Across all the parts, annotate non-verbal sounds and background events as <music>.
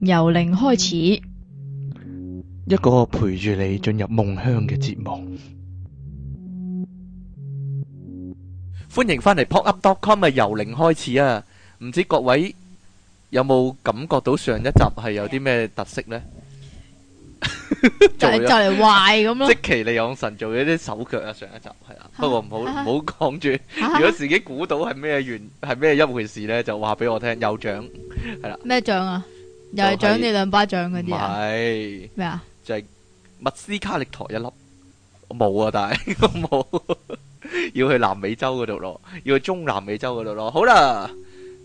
由零開始，一個陪住你進入夢鄉嘅節目。歡迎翻嚟 pop up dot com 啊！由零開始啊，唔知各位有冇感覺到上一集係有啲咩特色呢？就嚟就嚟壞咁咯，即其你養神做咗啲手腳啊！上一集係啊，不過唔好唔好講住。如果自己估到係咩原係咩一回事呢，就話俾我聽，有獎係啦。咩獎啊？又係獎你兩巴掌嗰啲啊？咩啊？就係密斯卡力陀一粒，我冇啊！但係我冇要去南美洲嗰度咯，要去中南美洲嗰度咯。好啦，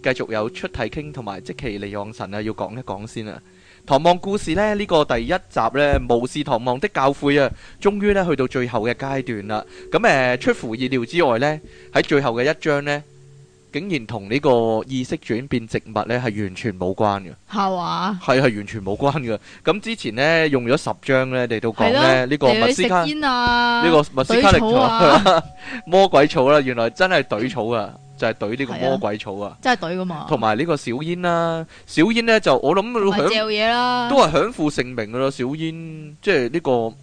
繼續有出題傾同埋即期嚟養神啊，要講一講先啦。唐望故事咧呢個第一集咧巫士唐望的教誨啊，終於咧去到最後嘅階段啦。咁誒出乎意料之外咧喺最後嘅一章咧。竟然同呢個意識轉變植物咧，係完全無關嘅，係話係係完全無關嘅。咁之前咧用咗十張咧，嚟到講咧呢個密斯卡力，呢個密斯卡力草魔鬼草啦，原來真係懟草啊，就係懟呢個魔鬼草啊，真係懟噶嘛。同埋呢個小煙啦，小煙咧就我諗都係嘢啦，都係享負盛名嘅咯。小煙即係呢個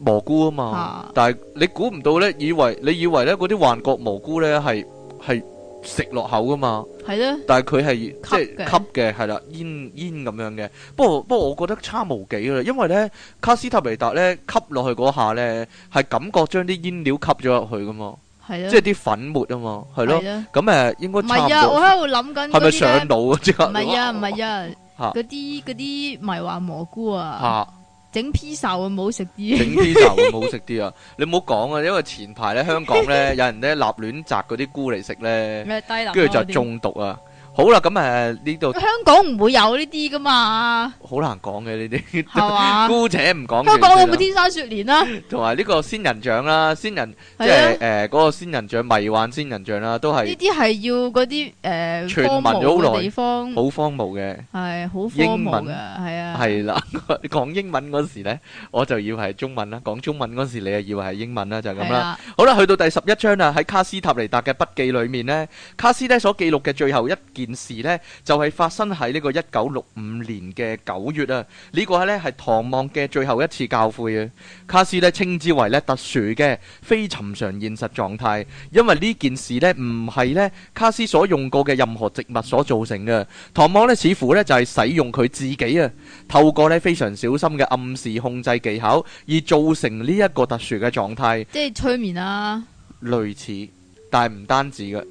蘑菇啊嘛，但係你估唔到咧，以為你以為咧嗰啲幻覺蘑菇咧係係。食落口噶嘛，係咧，但係佢係即係吸嘅，係啦，煙煙咁樣嘅。不過不過我覺得差無幾啦，因為咧卡斯塔尼達咧吸落去嗰下咧，係感覺將啲煙料吸咗入去噶嘛，係，即係啲粉末啊嘛，係咯。咁誒，應該差唔多。唔係啊，我喺度諗緊係咪上腦啊？唔係啊唔係啊，嗰啲嗰啲迷幻蘑菇啊。整披薩會、啊、唔好食啲？整披薩會唔好食啲啊？啊 <laughs> 你唔好講啊，因為前排咧香港咧有人咧立亂摘嗰啲菇嚟食咧，跟住、 <laughs> 啊、就中毒啊！ <laughs> 好啦，咁誒呢度香港唔會有呢啲噶嘛？好難講嘅呢啲，係嘛？姑且唔講。香港有冇天山雪蓮啦？同埋呢個仙人掌啦，仙人即係誒嗰個仙人掌，迷幻仙人掌啦，都係呢啲係要嗰啲誒荒蕪嘅地方，好荒蕪嘅，係好荒蕪嘅，係啊！係啦，講英文嗰時咧，我就以為係中文啦；講中文嗰時，你啊以為係英文啦，就係咁啦。好啦，去到第十一章啦，喺卡斯塔尼達嘅筆記裏面咧，卡斯咧所記錄嘅最後一件。件事呢，就係發生喺呢個一九六五年嘅九月啊，呢個咧係唐望嘅最後一次教誨啊。卡斯咧稱之為咧特殊嘅非尋常現實狀態，因為呢件事呢，唔係咧卡斯所用過嘅任何植物所造成嘅。唐望呢，似乎呢，就係使用佢自己啊，透過咧非常小心嘅暗示控制技巧而造成呢一個特殊嘅狀態。即係催眠啊，類似，但係唔單止嘅。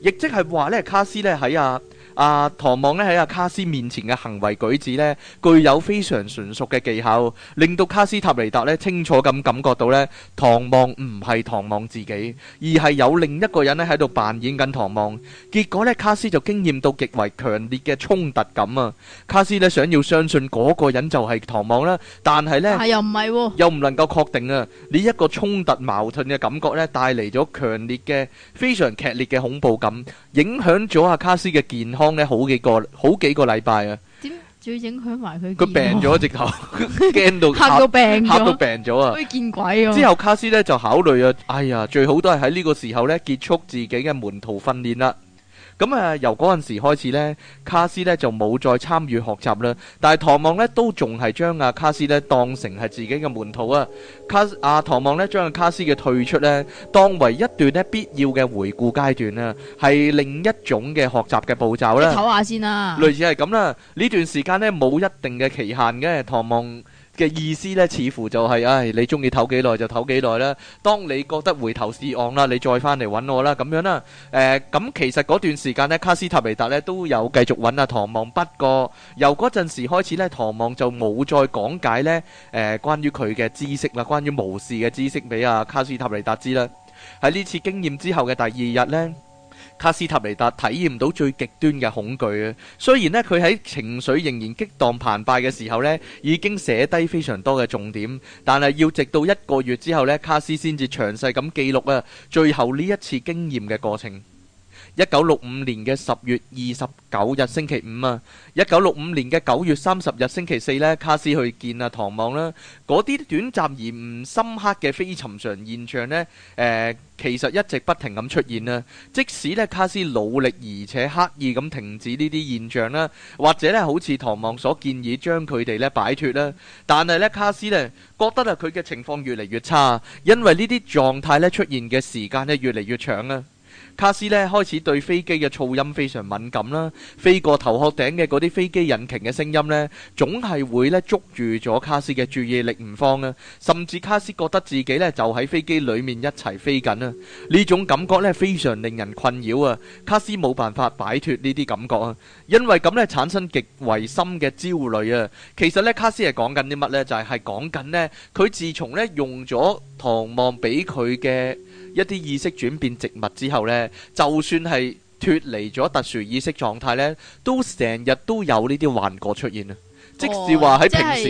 亦即係話咧，卡斯咧喺啊。阿、啊、唐望咧喺阿卡斯面前嘅行為舉止咧，具有非常純熟嘅技巧，令到卡斯塔尼達咧清楚咁感覺到咧，唐望唔係唐望自己，而係有另一個人咧喺度扮演緊唐望。結果咧，卡斯就經驗到極為強烈嘅衝突感啊！卡斯咧想要相信嗰個人就係唐望啦，但係咧，又唔係，哦、又唔能夠確定啊！呢、這、一個衝突矛盾嘅感覺咧，帶嚟咗強烈嘅非常劇烈嘅恐怖感，影響咗阿、啊、卡斯嘅健康。好幾個好幾個禮拜啊！點最影響埋佢？佢病咗直頭，驚到吓 <laughs> 到，嚇 <laughs> 到病，吓 <laughs> 到病咗啊！可以見鬼啊！之後卡斯咧就考慮啊，哎呀，最好都係喺呢個時候咧結束自己嘅門徒訓練啦。咁啊，由嗰陣時開始咧，卡斯咧就冇再參與學習啦。但係唐望咧都仲係將啊卡斯咧當成係自己嘅門徒啊。卡啊唐望咧將卡斯嘅退出咧當為一段咧必要嘅回顧階段啦，係另一種嘅學習嘅步驟啦。你唞下先啦。類似係咁啦，呢段時間咧冇一定嘅期限嘅，唐望嘅意思呢，似乎就係、是，唉，你中意唞幾耐就唞幾耐啦。當你覺得回頭是岸啦，你再翻嚟揾我啦，咁樣啦。誒、呃，咁其實嗰段時間呢，卡斯塔尼達呢都有繼續揾阿唐望，不過由嗰陣時開始呢，唐望就冇再講解呢誒關於佢嘅知識啦，關於巫術嘅知識俾阿卡斯塔尼達知啦。喺呢次經驗之後嘅第二日呢。卡斯塔尼達體驗到最極端嘅恐懼啊！雖然咧佢喺情緒仍然激盪澎湃嘅時候咧，已經寫低非常多嘅重點，但係要直到一個月之後咧，卡斯先至詳細咁記錄啊最後呢一次經驗嘅過程。一九六五年嘅十月二十九日星期五啊，一九六五年嘅九月三十日星期四呢，卡斯去見啊唐望啦。嗰啲短暫而唔深刻嘅非尋常現象呢，誒、呃，其實一直不停咁出現啊，即使呢卡斯努力而且刻意咁停止呢啲現象啦，或者呢好似唐望所建議，將佢哋呢擺脫啦，但係呢卡斯呢覺得啊佢嘅情況越嚟越差，因為呢啲狀態呢出現嘅時間呢越嚟越長啊。卡斯咧開始對飛機嘅噪音非常敏感啦，飛過頭殼頂嘅嗰啲飛機引擎嘅聲音呢，總係會咧捉住咗卡斯嘅注意力唔放啊，甚至卡斯覺得自己咧就喺飛機裏面一齊飛緊啊，呢種感覺咧非常令人困擾啊，卡斯冇辦法擺脫呢啲感覺啊，因為咁咧產生極為深嘅焦慮啊。其實咧卡斯係講緊啲乜呢？就係係講緊咧佢自從咧用咗唐望俾佢嘅。一啲意識轉變植物之後呢，就算係脫離咗特殊意識狀態呢，都成日都有呢啲幻覺出現啊！哦、即使話喺平時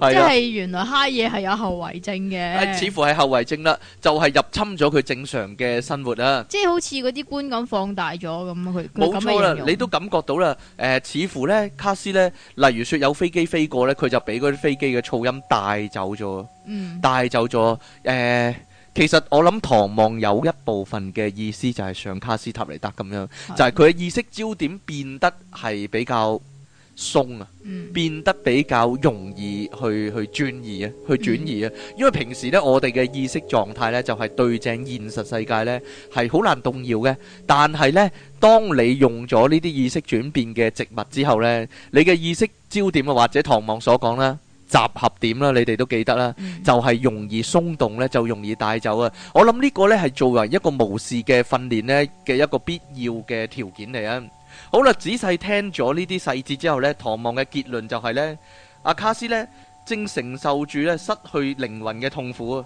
即係是的原來蝦嘢係有後遺症嘅，哎。似乎係後遺症啦，就係、是，入侵咗佢正常嘅生活啊！即係好似嗰啲觀咁放大咗咁啊！佢冇錯啦，你都感覺到啦。誒、呃，似乎呢卡斯呢，例如説有飛機飛過呢，佢就俾嗰啲飛機嘅噪音帶走咗。走嗯，帶走咗誒。其實我諗唐望有一部分嘅意思就係上卡斯塔尼達咁樣，就係佢嘅意識焦點變得係比較鬆啊，變得比較容易去去轉移啊，去轉移啊。因為平時呢我哋嘅意識狀態呢就係對正現實世界呢係好難動搖嘅，但係呢當你用咗呢啲意識轉變嘅植物之後呢，你嘅意識焦點或者唐望所講啦。集合點啦，你哋都記得啦，嗯、就係容易鬆動呢，就容易帶走啊！我諗呢個呢，係作為一個巫士嘅訓練呢嘅一個必要嘅條件嚟啊！好啦，仔細聽咗呢啲細節之後呢，唐望嘅結論就係、是、呢：阿卡斯呢，正承受住呢失去靈魂嘅痛苦啊！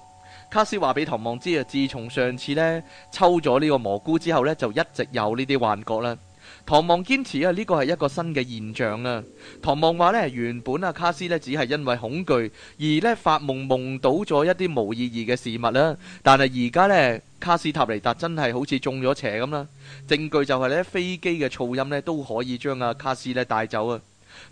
卡斯話俾唐望知啊，自從上次呢抽咗呢個蘑菇之後呢，就一直有呢啲幻覺啦。唐望堅持啊，呢個係一個新嘅現象啊。唐望話呢，原本啊卡斯呢只係因為恐懼而呢發夢夢到咗一啲無意義嘅事物啦、啊，但係而家呢，卡斯塔尼達真係好似中咗邪咁啦、啊。證據就係呢飛機嘅噪音呢都可以將啊卡斯呢帶走啊。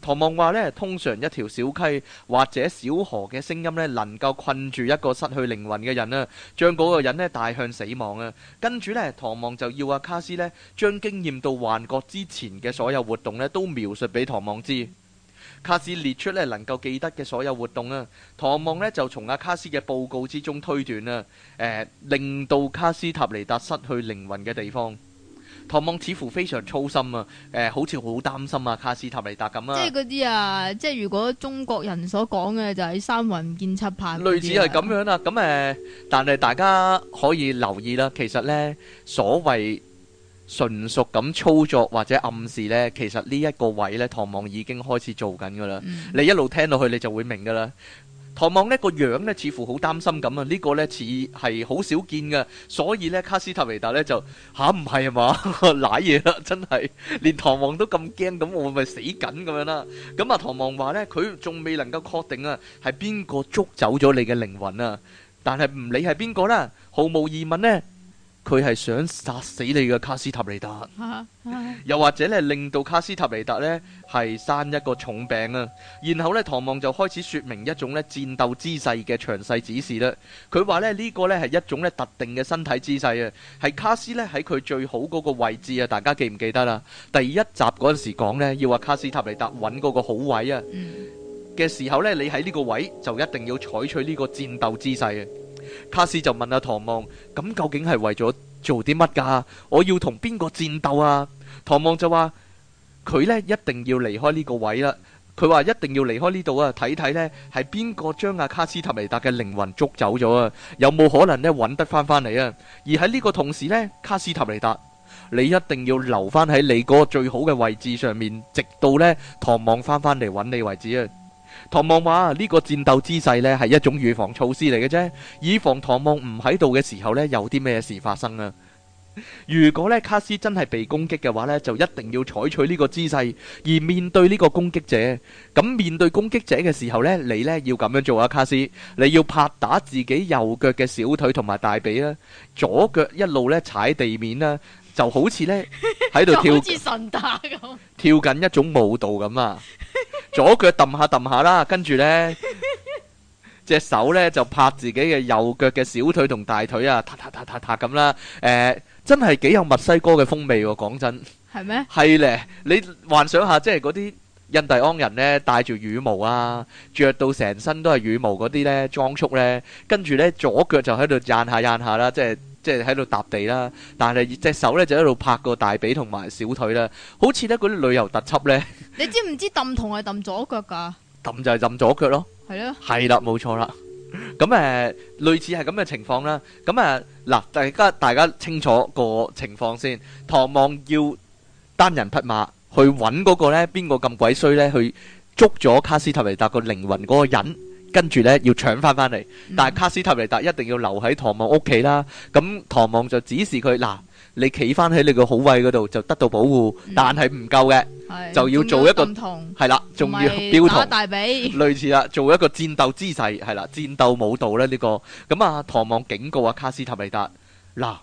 唐望話呢，通常一條小溪或者小河嘅聲音呢，能夠困住一個失去靈魂嘅人啊，將嗰個人呢帶向死亡啊。跟住呢，唐望就要阿卡斯呢將經驗到幻覺之前嘅所有活動呢都描述俾唐望知。卡斯列出呢能夠記得嘅所有活動啊，唐望呢就從阿卡斯嘅報告之中推斷啊，呃，令到卡斯塔尼達失去靈魂嘅地方。唐望似乎非常操心啊，誒、呃，好似好擔心啊，卡斯塔尼達咁啊，啊。即係嗰啲啊，即係如果中國人所講嘅就係三魂七魄，啊」，嗰類似係咁樣啦，咁，誒，但係大家可以留意啦，其實呢，所謂純熟咁操作或者暗示呢，其實呢一個位呢，唐望已經開始做緊噶啦。嗯、你一路聽落去，你就會明噶啦。唐望呢個樣咧似乎好擔心咁啊，呢個咧似係好少見嘅，所以咧卡斯特維達咧就吓唔係啊嘛，瀨嘢啦真係，連唐望都咁驚咁，我咪死緊咁樣啦。咁啊唐望話咧，佢仲未能夠確定啊，係邊個捉走咗你嘅靈魂啊？但係唔理係邊個啦，毫無疑問呢。佢係想殺死你嘅卡斯塔尼達，啊啊、又或者咧令到卡斯塔尼達咧係生一個重病啊！然後咧，唐望就開始說明一種咧戰鬥姿勢嘅詳細指示啦。佢話咧呢、這個咧係一種咧特定嘅身體姿勢啊，係卡斯咧喺佢最好嗰個位置啊！大家記唔記得啦？第一集嗰陣時講咧要話卡斯塔尼達揾嗰個好位啊嘅、嗯、時候咧，你喺呢個位就一定要採取呢個戰鬥姿勢啊！卡斯就問阿唐望，咁究竟係為咗做啲乜噶？我要同邊個戰鬥啊？唐望就話，佢呢一定要離開呢個位啦。佢話一定要離開呢度啊，睇睇呢，係邊個將阿卡斯塔尼達嘅靈魂捉走咗啊？有冇可能呢？揾得翻翻嚟啊？而喺呢個同時呢，卡斯塔尼達，你一定要留翻喺你嗰個最好嘅位置上面，直到呢唐望翻翻嚟揾你為止啊！唐望話：呢個戰鬥姿勢呢係一種預防措施嚟嘅啫，以防唐望唔喺度嘅時候呢，有啲咩事發生啊！如果呢卡斯真係被攻擊嘅話呢，就一定要採取呢個姿勢。而面對呢個攻擊者，咁面對攻擊者嘅時候呢，你呢要咁樣做啊！卡斯，你要拍打自己右腳嘅小腿同埋大髀啦，左腳一路呢踩地面啦。就好似咧喺度跳，好似神打咁，跳緊一種舞蹈咁啊！左腳揼下揼下啦，跟住咧，隻手咧就拍自己嘅右腳嘅小腿同大腿啊，踏踏踏踏踏咁啦。誒，真係幾有墨西哥嘅風味喎！講真，係咩？係咧，你幻想下，即係嗰啲印第安人咧，戴住羽毛啊，着到成身都係羽毛嗰啲咧，裝束咧，跟住咧左腳就喺度掹下掹下啦，即係。即係喺度踏地啦，但係隻手咧就喺度拍個大髀同埋小腿啦，好似咧嗰啲旅遊特輯咧。你知唔知揼同係揼左腳噶？揼就係揼左腳咯。係咯。係啦，冇錯啦。咁誒，類似係咁嘅情況啦。咁啊，嗱，大家大家清楚個情況先。唐望要單人匹馬去揾嗰個咧，邊個咁鬼衰咧，去捉咗卡斯塔尼達個靈魂嗰個人。跟住咧要搶翻翻嚟，但係卡斯塔尼達一定要留喺唐望屋企啦。咁唐望就指示佢，嗱，你企翻喺你個好位嗰度就得到保護，嗯、但係唔夠嘅，是就要做一個係啦，仲同要標同，類似啦，做一個戰鬥姿勢係啦，戰鬥舞蹈咧呢、這個。咁啊，唐望警告啊卡斯塔尼達嗱。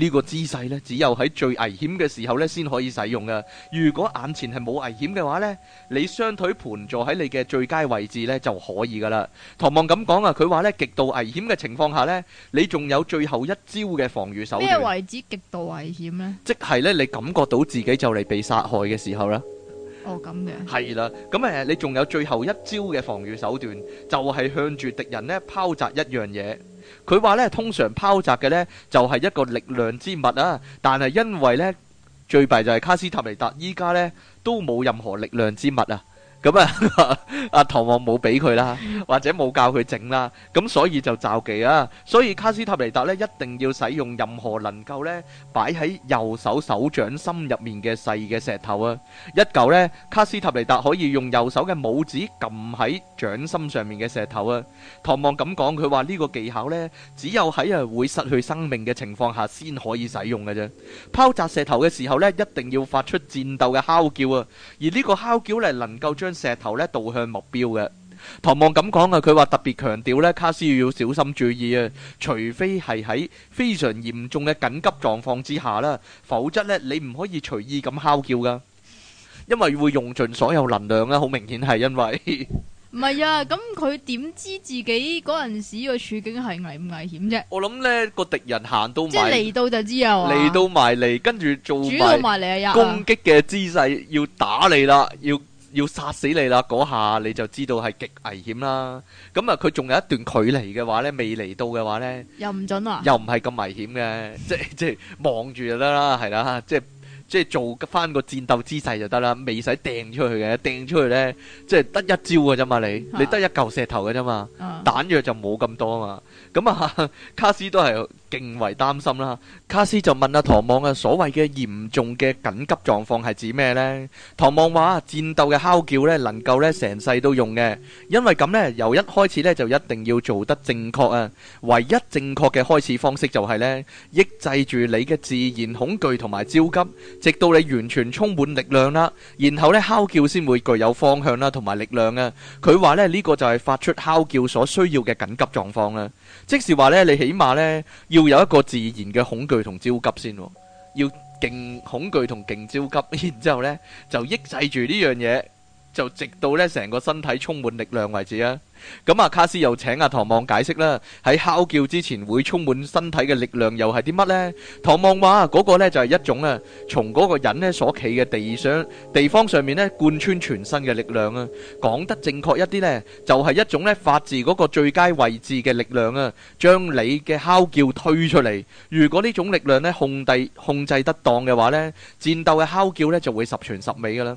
呢個姿勢咧，只有喺最危險嘅時候咧，先可以使用噶。如果眼前係冇危險嘅話呢，你雙腿盤坐喺你嘅最佳位置咧，就可以噶啦。唐望咁講啊，佢話咧，極度危險嘅情況下呢，你仲有最後一招嘅防禦手段。咩為之極度危險呢？即係呢，你感覺到自己就嚟被殺害嘅時候啦。哦，咁嘅。係啦，咁誒、呃，你仲有最後一招嘅防禦手段，就係、是、向住敵人呢拋擲一樣嘢。佢話咧，通常拋擲嘅咧就係、是、一個力量之物啊，但係因為咧最弊就係卡斯塔尼達依家咧都冇任何力量之物啊。咁啊，阿唐望冇俾佢啦，或者冇教佢整啦，咁所以就詐技啊！所以卡斯塔尼達咧一定要使用任何能夠咧擺喺右手手掌心入面嘅細嘅石頭啊！一嚿咧，卡斯塔尼達可以用右手嘅拇指撳喺掌心上面嘅石頭啊！唐望咁講，佢話呢個技巧咧只有喺啊會失去生命嘅情況下先可以使用嘅啫。拋擲石頭嘅時候咧，一定要發出戰鬥嘅哮叫啊！而呢個哮叫嚟能夠將石頭咧導向目標嘅，唐望咁講啊，佢話特別強調咧，卡斯要小心注意啊，除非係喺非常嚴重嘅緊急狀況之下啦，否則咧你唔可以隨意咁敲叫噶，因為會用盡所有能量啦。好明顯係因為唔係啊，咁佢點知自己嗰陣時個處境係危唔危險啫？我諗咧個敵人行到即係嚟到就知啊，嚟到埋嚟，跟住做埋攻擊嘅姿勢要打你啦，要。要殺死你啦！嗰下你就知道係極危險啦。咁啊，佢仲有一段距離嘅話咧，未嚟到嘅話咧，又唔準啊！又唔係咁危險嘅，即係即係望住就得啦，係啦，即係即係做翻個戰鬥姿勢就得啦，未使掟出去嘅，掟出去咧，即係得一招嘅啫嘛，你、啊、你得一嚿石頭嘅啫嘛，彈藥、啊、就冇咁多嘛。咁啊，卡斯都係。敬畏擔心啦，卡斯就問阿唐望啊，所謂嘅嚴重嘅緊急狀況係指咩咧？唐望話：戰鬥嘅嚎叫咧，能夠咧成世都用嘅，因為咁咧，由一開始咧就一定要做得正確啊。唯一正確嘅開始方式就係咧，抑制住你嘅自然恐懼同埋焦急，直到你完全充滿力量啦，然後咧嚎叫先會具有方向啦同埋力量啊。佢話咧呢個就係發出嚎叫所需要嘅緊急狀況啦，即是話咧你起碼咧要。要有一個自然嘅恐懼同焦急先，哦，要勁恐懼同勁焦急，然之後咧就抑制住呢樣嘢。就直到咧成個身體充滿力量為止啊！咁啊，卡斯又請阿唐望解釋啦。喺敲叫之前會充滿身體嘅力量又係啲乜呢？唐望話嗰個呢就係一種啊，從嗰個人呢所企嘅地上地方上面呢貫穿全身嘅力量啊。講得正確一啲呢，就係一種呢發自嗰個最佳位置嘅力量啊，將你嘅敲叫推出嚟。如果呢種力量呢控制控制得當嘅話呢，戰鬥嘅敲叫呢就會十全十美噶啦。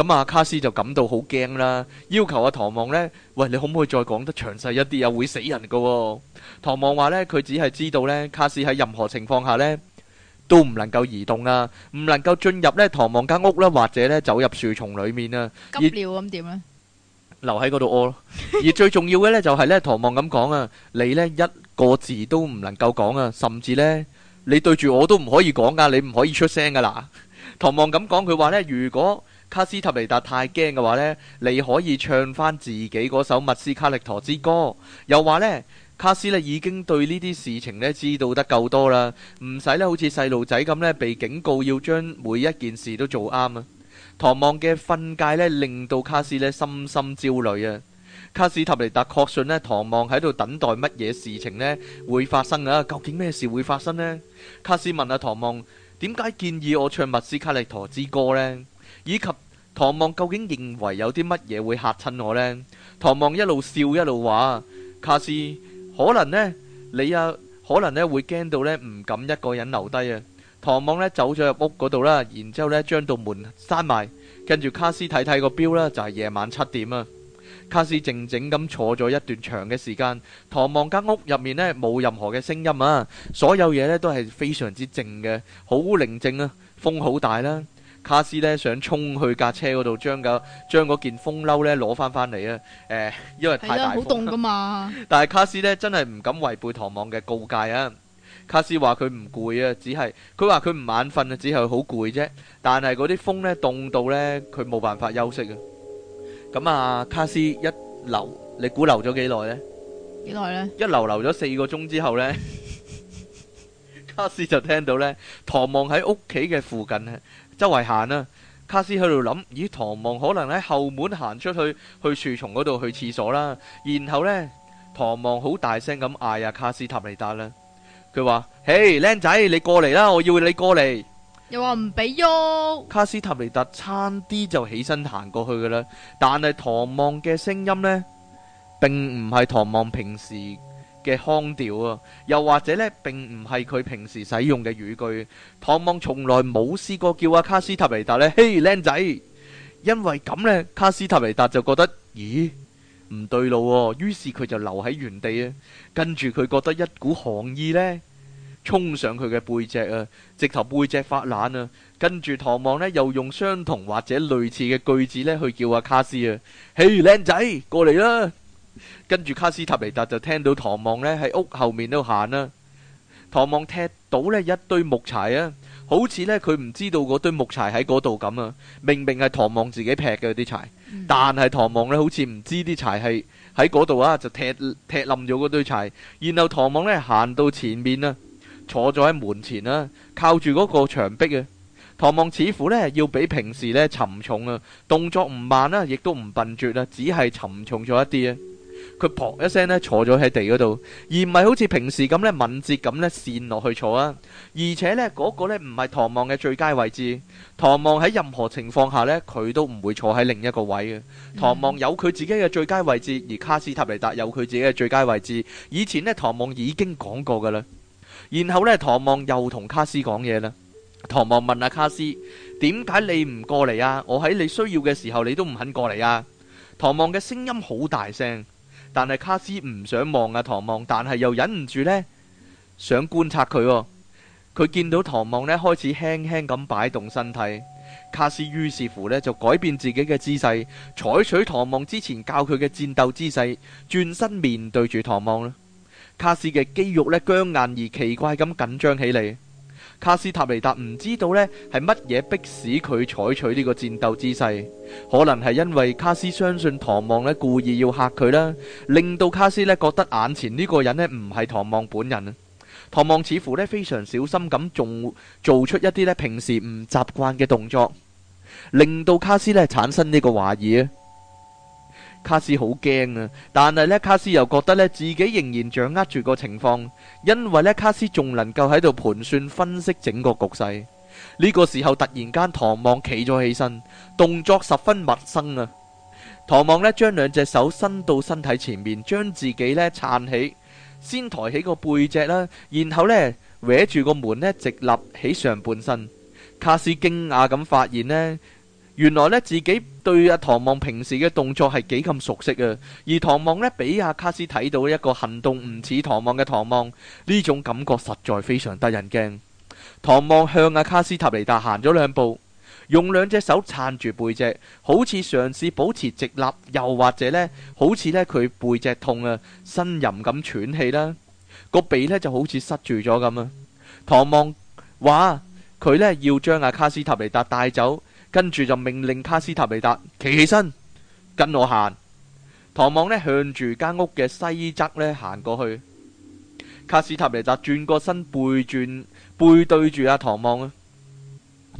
咁啊阿卡斯就感到好驚啦，要求阿唐望咧，喂，你可唔可以再講得詳細一啲啊？會死人噶。唐望話咧，佢只係知道咧，卡斯喺任何情況下咧，都唔能夠移動啊，唔能夠進入咧唐望間屋啦，或者咧走入樹叢裏面啊。咁了咁點咧？留喺嗰度屙咯。而最重要嘅，咧，就係咧，唐望咁講啊，你咧一個字都唔能夠講啊，甚至咧，你對住我都唔可以講噶，你唔可以出聲噶啦。唐望咁講，佢話咧，如果卡斯塔尼達太驚嘅話呢，你可以唱翻自己嗰首《密斯卡力陀之歌》。又話呢，卡斯咧已經對呢啲事情咧知道得夠多啦，唔使咧好似細路仔咁呢被警告要將每一件事都做啱啊。唐望嘅訓誡咧，令到卡斯咧深深焦慮啊。卡斯塔尼達確信呢唐望喺度等待乜嘢事情呢會發生啊？究竟咩事會發生呢？卡斯問阿唐望，點解建議我唱《密斯卡力陀之歌》呢？」以及唐望究竟認為有啲乜嘢會吓親我呢？唐望一路笑一路話：卡斯可能呢？你啊可能呢會驚到呢，唔敢一個人留低啊！唐望呢走咗入屋嗰度啦，然之後呢將道門閂埋，跟住卡斯睇睇個表啦，就係夜晚七點啊！卡斯靜靜咁坐咗一段長嘅時間。唐望間屋入面呢，冇任何嘅聲音啊，所有嘢呢都係非常之靜嘅，好寧靜啊，風好大啦。卡斯咧想衝去架車嗰度，將個將嗰件風褸咧攞翻翻嚟啊，誒，因為太大風啦。係啊，好凍噶嘛！但係卡斯咧真係唔敢違背唐望嘅告誡啊！卡斯話佢唔攰啊，只係佢話佢唔眼瞓啊，只係好攰啫。但係嗰啲風咧凍到咧，佢冇辦法休息啊！咁啊，卡斯一留，你估留咗幾耐咧？幾耐咧？一留留咗四個鐘之後咧，卡斯就聽到咧，唐望喺屋企嘅附近咧。周圍行啊，卡斯喺度諗，咦，唐望可能喺後門行出去，去樹叢嗰度去廁所啦。然後呢，唐望好大聲咁嗌啊，卡斯塔尼達啦，佢話：嘿，靚仔，你過嚟啦，我要你過嚟。又話唔俾喐。卡斯塔尼達差啲就起身行過去噶啦，但係唐望嘅聲音呢，並唔係唐望平時。嘅腔調啊，又或者呢，並唔係佢平時使用嘅語句。唐望從來冇試過叫阿卡斯塔維達呢，「嘿，靚仔！」因為咁呢，卡斯塔維達就覺得，咦，唔對路哦。於是佢就留喺原地啊，跟住佢覺得一股寒意呢，衝上佢嘅背脊啊，直頭背脊發冷啊。跟住唐望呢，又用相同或者類似嘅句子呢去叫阿卡斯啊，嘿，靚仔，過嚟啦！跟住卡斯塔尼達就聽到唐望咧喺屋後面度行啦、啊。唐望踢到咧一堆木柴啊，好似咧佢唔知道嗰堆木柴喺嗰度咁啊。明明係唐望自己劈嘅啲柴，但係唐望咧好似唔知啲柴係喺嗰度啊，就踢踢冧咗嗰堆柴。然後唐望咧行到前面啊，坐咗喺門前啊，靠住嗰個牆壁啊。唐望似乎呢，要比平時呢沉重啊，動作唔慢啦、啊，亦都唔笨拙啊，只係沉重咗一啲啊。佢撲一聲呢，坐咗喺地嗰度，而唔係好似平時咁呢敏捷咁呢，扇落去坐啊。而且呢嗰、嗰個呢唔係唐望嘅最佳位置。唐望喺任何情況下呢，佢都唔會坐喺另一個位嘅。唐望有佢自己嘅最佳位置，而卡斯塔尼達有佢自己嘅最佳位置。以前呢，唐望已經講過噶啦。然後呢，唐望又同卡斯講嘢啦。唐望問阿、啊、卡斯：點解你唔過嚟啊？我喺你需要嘅時候，你都唔肯過嚟啊？唐望嘅聲音好大聲。但係卡斯唔想望啊唐望，但係又忍唔住呢，想觀察佢喎。佢見到唐望呢，開始輕輕咁擺動身體，卡斯於是乎呢，就改變自己嘅姿勢，採取唐望之前教佢嘅戰鬥姿勢，轉身面對住唐望啦。卡斯嘅肌肉呢，僵硬而奇怪咁緊張起嚟。卡斯塔尼達唔知道呢係乜嘢迫使佢採取呢個戰鬥姿勢，可能係因為卡斯相信唐望咧故意要嚇佢啦，令到卡斯咧覺得眼前呢個人咧唔係唐望本人啊。唐望似乎咧非常小心咁做做出一啲咧平時唔習慣嘅動作，令到卡斯咧產生呢個懷疑。卡斯好驚啊！但係呢，卡斯又覺得呢，自己仍然掌握住個情況，因為呢，卡斯仲能夠喺度盤算分析整個局勢。呢個時候突然間，唐望企咗起身，動作十分陌生啊！唐望呢，將兩隻手伸到身體前面，將自己呢撐起，先抬起個背脊啦，然後呢，搲住個門呢，直立起上半身。卡斯驚訝咁發現呢。原來呢，自己對阿唐望平時嘅動作係幾咁熟悉啊。而唐望呢，俾阿卡斯睇到一個行動唔似唐望嘅唐望呢種感覺，實在非常得人驚。唐望向阿卡斯塔尼達行咗兩步，用兩隻手撐住背脊，好似嘗試保持直立，又或者呢，好似呢佢背脊痛啊，呻吟咁喘氣啦。個鼻呢就好似塞住咗咁啊。唐望話佢呢要將阿卡斯塔尼達帶走。跟住就命令卡斯塔尼達企起身，跟我行。唐望呢向住間屋嘅西側呢行過去。卡斯塔尼達轉過身背轉背對住阿唐望啊。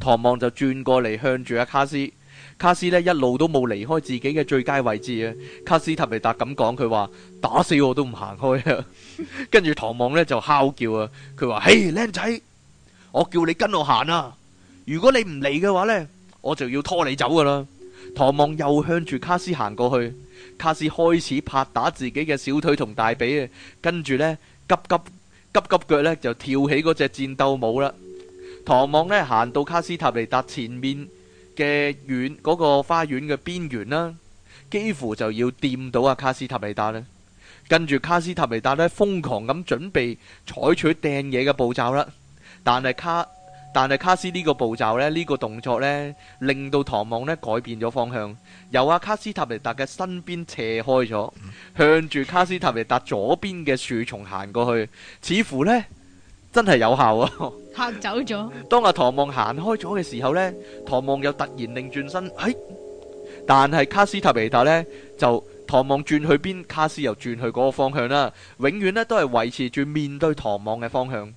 唐望就轉過嚟向住阿、啊、卡斯，卡斯咧一路都冇離開自己嘅最佳位置啊。卡斯塔尼達咁講，佢話打死我都唔行開啊。 <laughs> 跟住唐望呢就喊叫啊，佢話 <laughs> 嘿，靚仔，我叫你跟我行啊，如果你唔嚟嘅話呢。」我就要拖你走噶啦！唐望又向住卡斯行過去，卡斯開始拍打自己嘅小腿同大髀啊，跟住呢急急急急腳呢就跳起嗰隻戰鬥舞啦！唐望呢行到卡斯塔尼達前面嘅院嗰個花園嘅邊緣啦，幾乎就要掂到阿卡斯塔尼達啦！跟住卡斯塔尼達呢瘋狂咁準備採取掟嘢嘅步驟啦，但係卡。但係卡斯呢個步驟呢，呢、這個動作呢，令到唐望呢改變咗方向，由阿、啊、卡斯塔維達嘅身邊斜開咗，向住卡斯塔維達左邊嘅樹叢行過去，似乎呢，真係有效、哦、 <laughs> 啊！嚇走咗。當阿唐望行開咗嘅時候呢，唐望又突然擰轉身，哎！但係卡斯塔維達呢，就唐望轉去邊，卡斯又轉去嗰個方向啦，永遠呢都係維持住面對唐望嘅方向。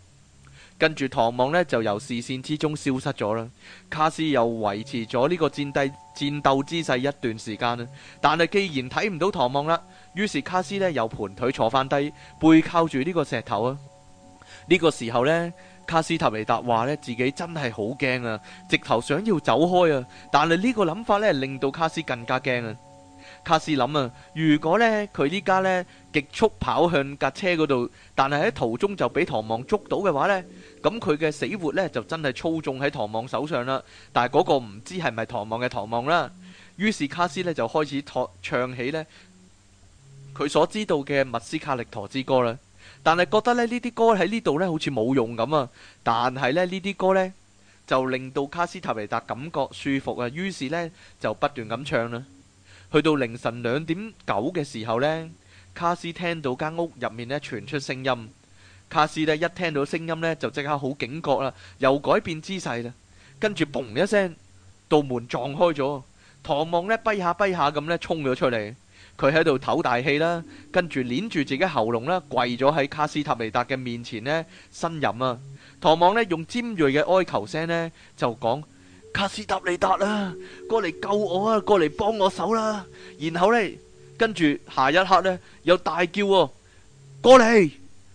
跟住唐望呢，就由視線之中消失咗啦。卡斯又維持咗呢個戰鬥戰鬥姿勢一段時間啦。但係既然睇唔到唐望啦，於是卡斯呢，又盤腿坐翻低，背靠住呢個石頭啊。呢、呢個時候呢，卡斯塔尼達話呢，自己真係好驚啊，直頭想要走開啊。但係呢個諗法呢，令到卡斯更加驚啊。卡斯諗啊，如果呢，佢呢家呢，極速跑向架車嗰度，但係喺途中就俾唐望捉到嘅話呢。咁佢嘅死活呢就真係操縱喺唐望手上啦，但係嗰個唔知係咪唐望嘅唐望啦。於是卡斯呢就開始唱唱起呢佢所知道嘅《密斯卡力陀之歌》啦，但係覺得呢呢啲歌喺呢度呢好似冇用咁啊。但係呢呢啲歌呢就令到卡斯塔維達感覺舒服啊，於是呢就不斷咁唱啦。去到凌晨兩點九嘅時候呢，卡斯聽到間屋入面呢傳出聲音。卡斯呢一聽到聲音呢，就即刻好警覺啦，又改變姿勢啦，跟住嘣一聲，道門撞開咗，唐望呢跛下跛下咁呢沖咗出嚟，佢喺度唞大氣啦，跟住捻住自己喉嚨呢跪咗喺卡斯塔尼達嘅面前呢呻吟啊，唐望呢用尖銳嘅哀求聲呢就講，卡斯塔尼達啊，過嚟救我啊，過嚟幫我手啦，然後呢跟住下一刻呢又大叫過嚟。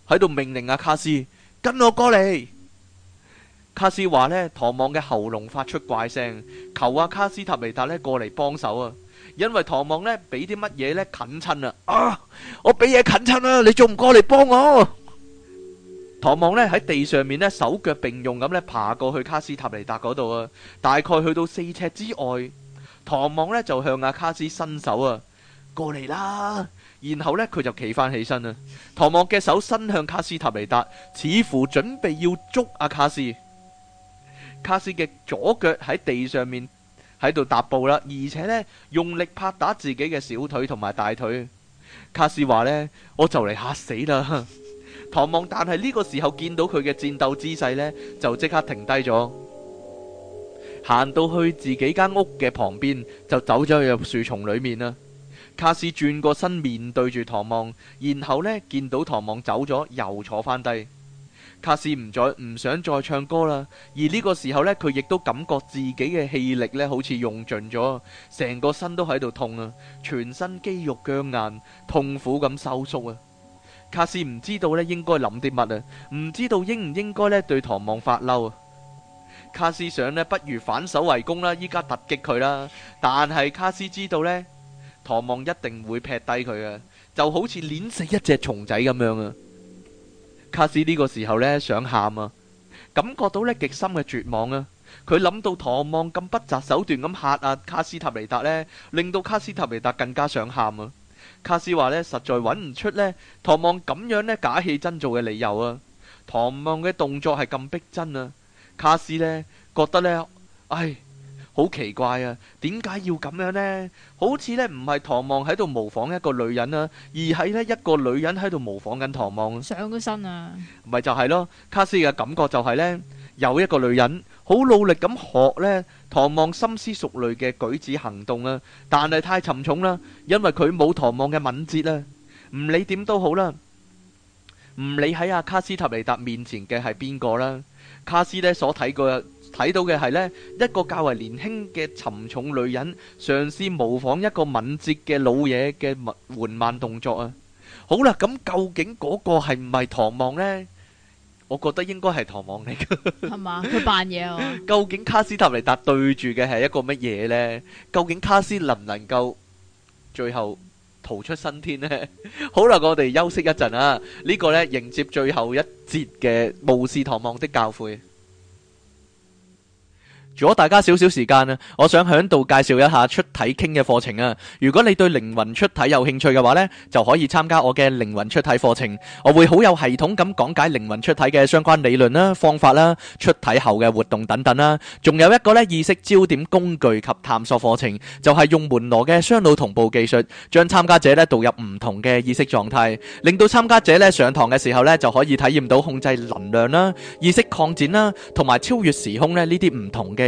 喺度命令阿、啊、卡斯跟我過嚟。卡斯話呢，唐望嘅喉嚨發出怪聲，求阿、啊、卡斯塔尼達呢過嚟幫手啊！因為唐望呢，俾啲乜嘢呢？啃親啦，啊，我俾嘢啃親啊！你仲唔過嚟幫我？唐望呢喺地上面呢，手腳並用咁呢，爬過去卡斯塔尼達嗰度啊，大概去到四尺之外，唐望呢，就向阿、啊、卡斯伸手啊，過嚟啦！然後呢，佢就企翻起身啦。唐望嘅手伸向卡斯塔尼達，似乎準備要捉阿、啊、卡斯。卡斯嘅左腳喺地上面喺度踏步啦，而且呢，用力拍打自己嘅小腿同埋大腿。卡斯話呢，「我就嚟嚇死啦！」唐望，但係呢個時候見到佢嘅戰鬥姿勢呢，就即刻停低咗，行到去自己間屋嘅旁邊，就走咗入樹叢裏面啦。卡斯轉過身，面對住唐望，然後呢，見到唐望走咗，又坐翻低。卡斯唔再唔想再唱歌啦，而呢個時候呢，佢亦都感覺自己嘅氣力呢好似用盡咗，成個身都喺度痛啊，全身肌肉僵硬，痛苦咁收縮啊。卡斯唔知道呢應該諗啲乜啊，唔知道應唔應該呢對唐望發嬲啊。卡斯想呢，不如反手為攻啦，依家突擊佢啦，但係卡斯知道呢。唐望一定會劈低佢啊，就好似碾死一隻蟲仔咁樣啊！卡斯呢個時候呢，想喊啊，感覺到呢極深嘅絕望啊！佢諗到唐望咁不擇手段咁嚇啊卡斯塔尼達呢，令到卡斯塔尼達更加想喊啊！卡斯話呢，實在揾唔出呢唐望咁樣呢假戲真做嘅理由啊！唐望嘅動作係咁逼真啊！卡斯呢，覺得呢。唉。好奇怪啊！點解要咁樣咧？好似咧，唔係唐望喺度模仿一個女人啦，而係咧一個女人喺度模仿緊唐望上咗身啊！咪就係咯，卡斯嘅感覺就係咧有一個女人好努力咁學咧唐望深思熟慮嘅舉止行動啊，但係太沉重啦，因為佢冇唐望嘅敏捷啊！唔理點都好啦，唔理喺阿卡斯塔尼達面前嘅係邊個啦，卡斯咧所睇過。睇到嘅係呢一個較為年輕嘅沉重女人，嘗試模仿一個敏捷嘅老嘢嘅慢緩慢動作啊！好啦，咁究竟嗰個係唔係唐望呢？我覺得應該係唐望嚟噶，係嘛？佢扮嘢啊！究竟卡斯塔尼達對住嘅係一個乜嘢呢？究竟卡斯能唔能夠最後逃出生天呢？好啦，我哋休息一陣啊！呢個呢迎接最後一節嘅巫士唐望的教誨。如果大家少少時間咧，我想喺度介紹一下出體傾嘅課程啊。如果你對靈魂出體有興趣嘅話咧，就可以參加我嘅靈魂出體課程。我會好有系統咁講解靈魂出體嘅相關理論啦、方法啦、出體後嘅活動等等啦。仲有一個咧意識焦點工具及探索課程，就係用門羅嘅雙腦同步技術，將參加者咧導入唔同嘅意識狀態，令到參加者咧上堂嘅時候咧，就可以體驗到控制能量啦、意識擴展啦，同埋超越時空咧呢啲唔同嘅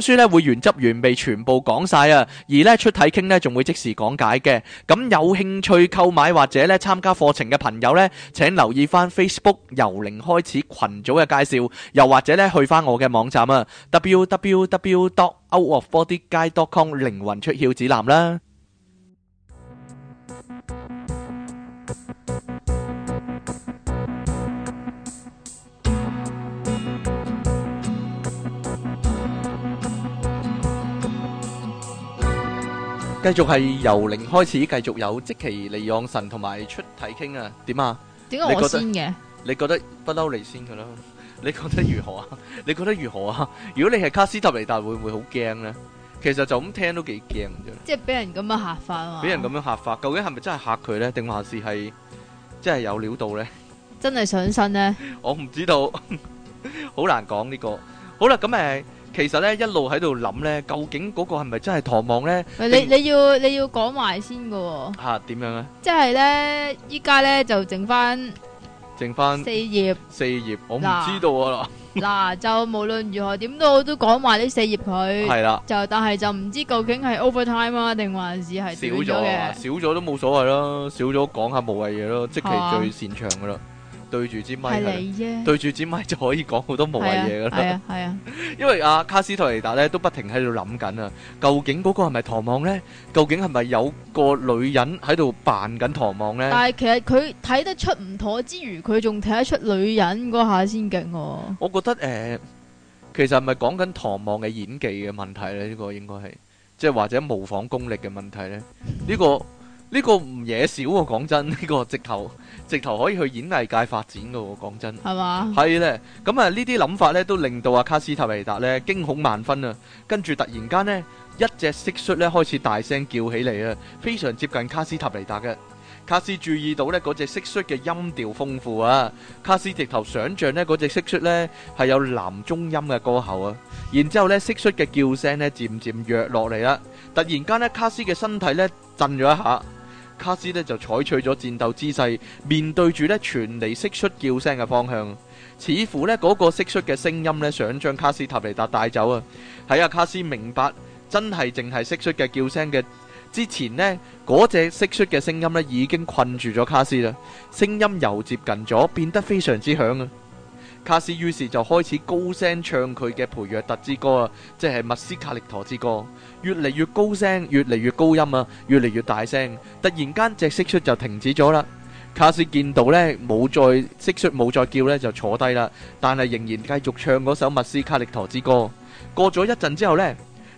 書咧會原汁原味全部講晒啊，而咧出體傾咧仲會即時講解嘅。咁有興趣購買或者咧參加課程嘅朋友咧，請留意翻 Facebook 由零開始群組嘅介紹，又或者咧去翻我嘅網站啊 www.outofbodyguide.com 靈魂出竅指南啦。繼續係由零開始，繼續有即其利用神同埋出體傾啊？點啊？點解我先嘅？你覺得不嬲你先噶啦？你覺得如何啊？你覺得如何啊？如果你係卡斯特尼達，會唔會好驚咧？其實就咁聽都幾驚嘅。即係俾人咁樣吓法啊！俾人咁樣吓法，究竟係咪真係嚇佢咧？定還是係真係有料到咧？真係上身咧？我唔知道，好難講呢個。好啦，咁誒。其實咧一路喺度諗咧，究竟嗰個係咪真係唐望咧？你你要你要講埋先噶喎。吓，點樣咧？即係咧，依家咧就剩翻，剩翻四頁，四頁，我唔知道啊啦。嗱，就無論如何，點都好都講埋呢四頁佢。係啦。就但係就唔知究竟係 over time 啊，定還是係少咗嘅？少咗都冇所謂咯，少咗講下無謂嘢咯，即係最擅長噶啦。對住支咪係，對住支咪就可以講好多無謂嘢噶啦。係啊，係啊，因為阿卡斯托尼達咧都不停喺度諗緊啊，究竟嗰個係咪唐望咧？究竟係咪有個女人喺度扮緊唐望咧？但係其實佢睇得出唔妥之餘，佢仲睇得出女人嗰下先勁。我覺得誒，其實係咪講緊唐望嘅演技嘅問題咧？呢個應該係，即係或者模仿功力嘅問題咧？呢個呢個唔惹少啊！講真，呢個直頭。直頭可以去演藝界發展噶喎，講真係嘛？係咧，咁啊呢啲諗法咧都令到阿卡斯塔尼達咧驚恐萬分啊！跟住突然間呢，一隻蟋蟀咧開始大聲叫起嚟啊，非常接近卡斯塔尼達嘅卡斯，注意到呢嗰隻蟋蟀嘅音調豐富啊，卡斯直頭想象呢嗰隻蟋蟀呢係有男中音嘅歌喉啊，然之後咧蟋蟀嘅叫聲呢漸漸弱落嚟啦，突然間呢，卡斯嘅身體呢震咗一下。卡斯咧就採取咗戰鬥姿勢，面對住咧傳嚟蟋蟀叫聲嘅方向，似乎咧嗰、那個蟋蟀嘅聲音咧想將卡斯塔尼達帶走啊！喺阿、啊、卡斯明白真係淨係蟋蟀嘅叫聲嘅之前呢嗰隻蟋蟀嘅聲音咧已經困住咗卡斯啦，聲音又接近咗，變得非常之響啊！卡斯於是就開始高聲唱佢嘅培若特之歌啊，即係密斯卡力陀之歌，越嚟越高聲，越嚟越高音啊，越嚟越大聲。突然間隻蟋蟀就停止咗啦。卡斯見到呢冇再蟋蟀冇再叫呢就坐低啦，但係仍然繼續唱嗰首密斯卡力陀之歌。過咗一陣之後呢，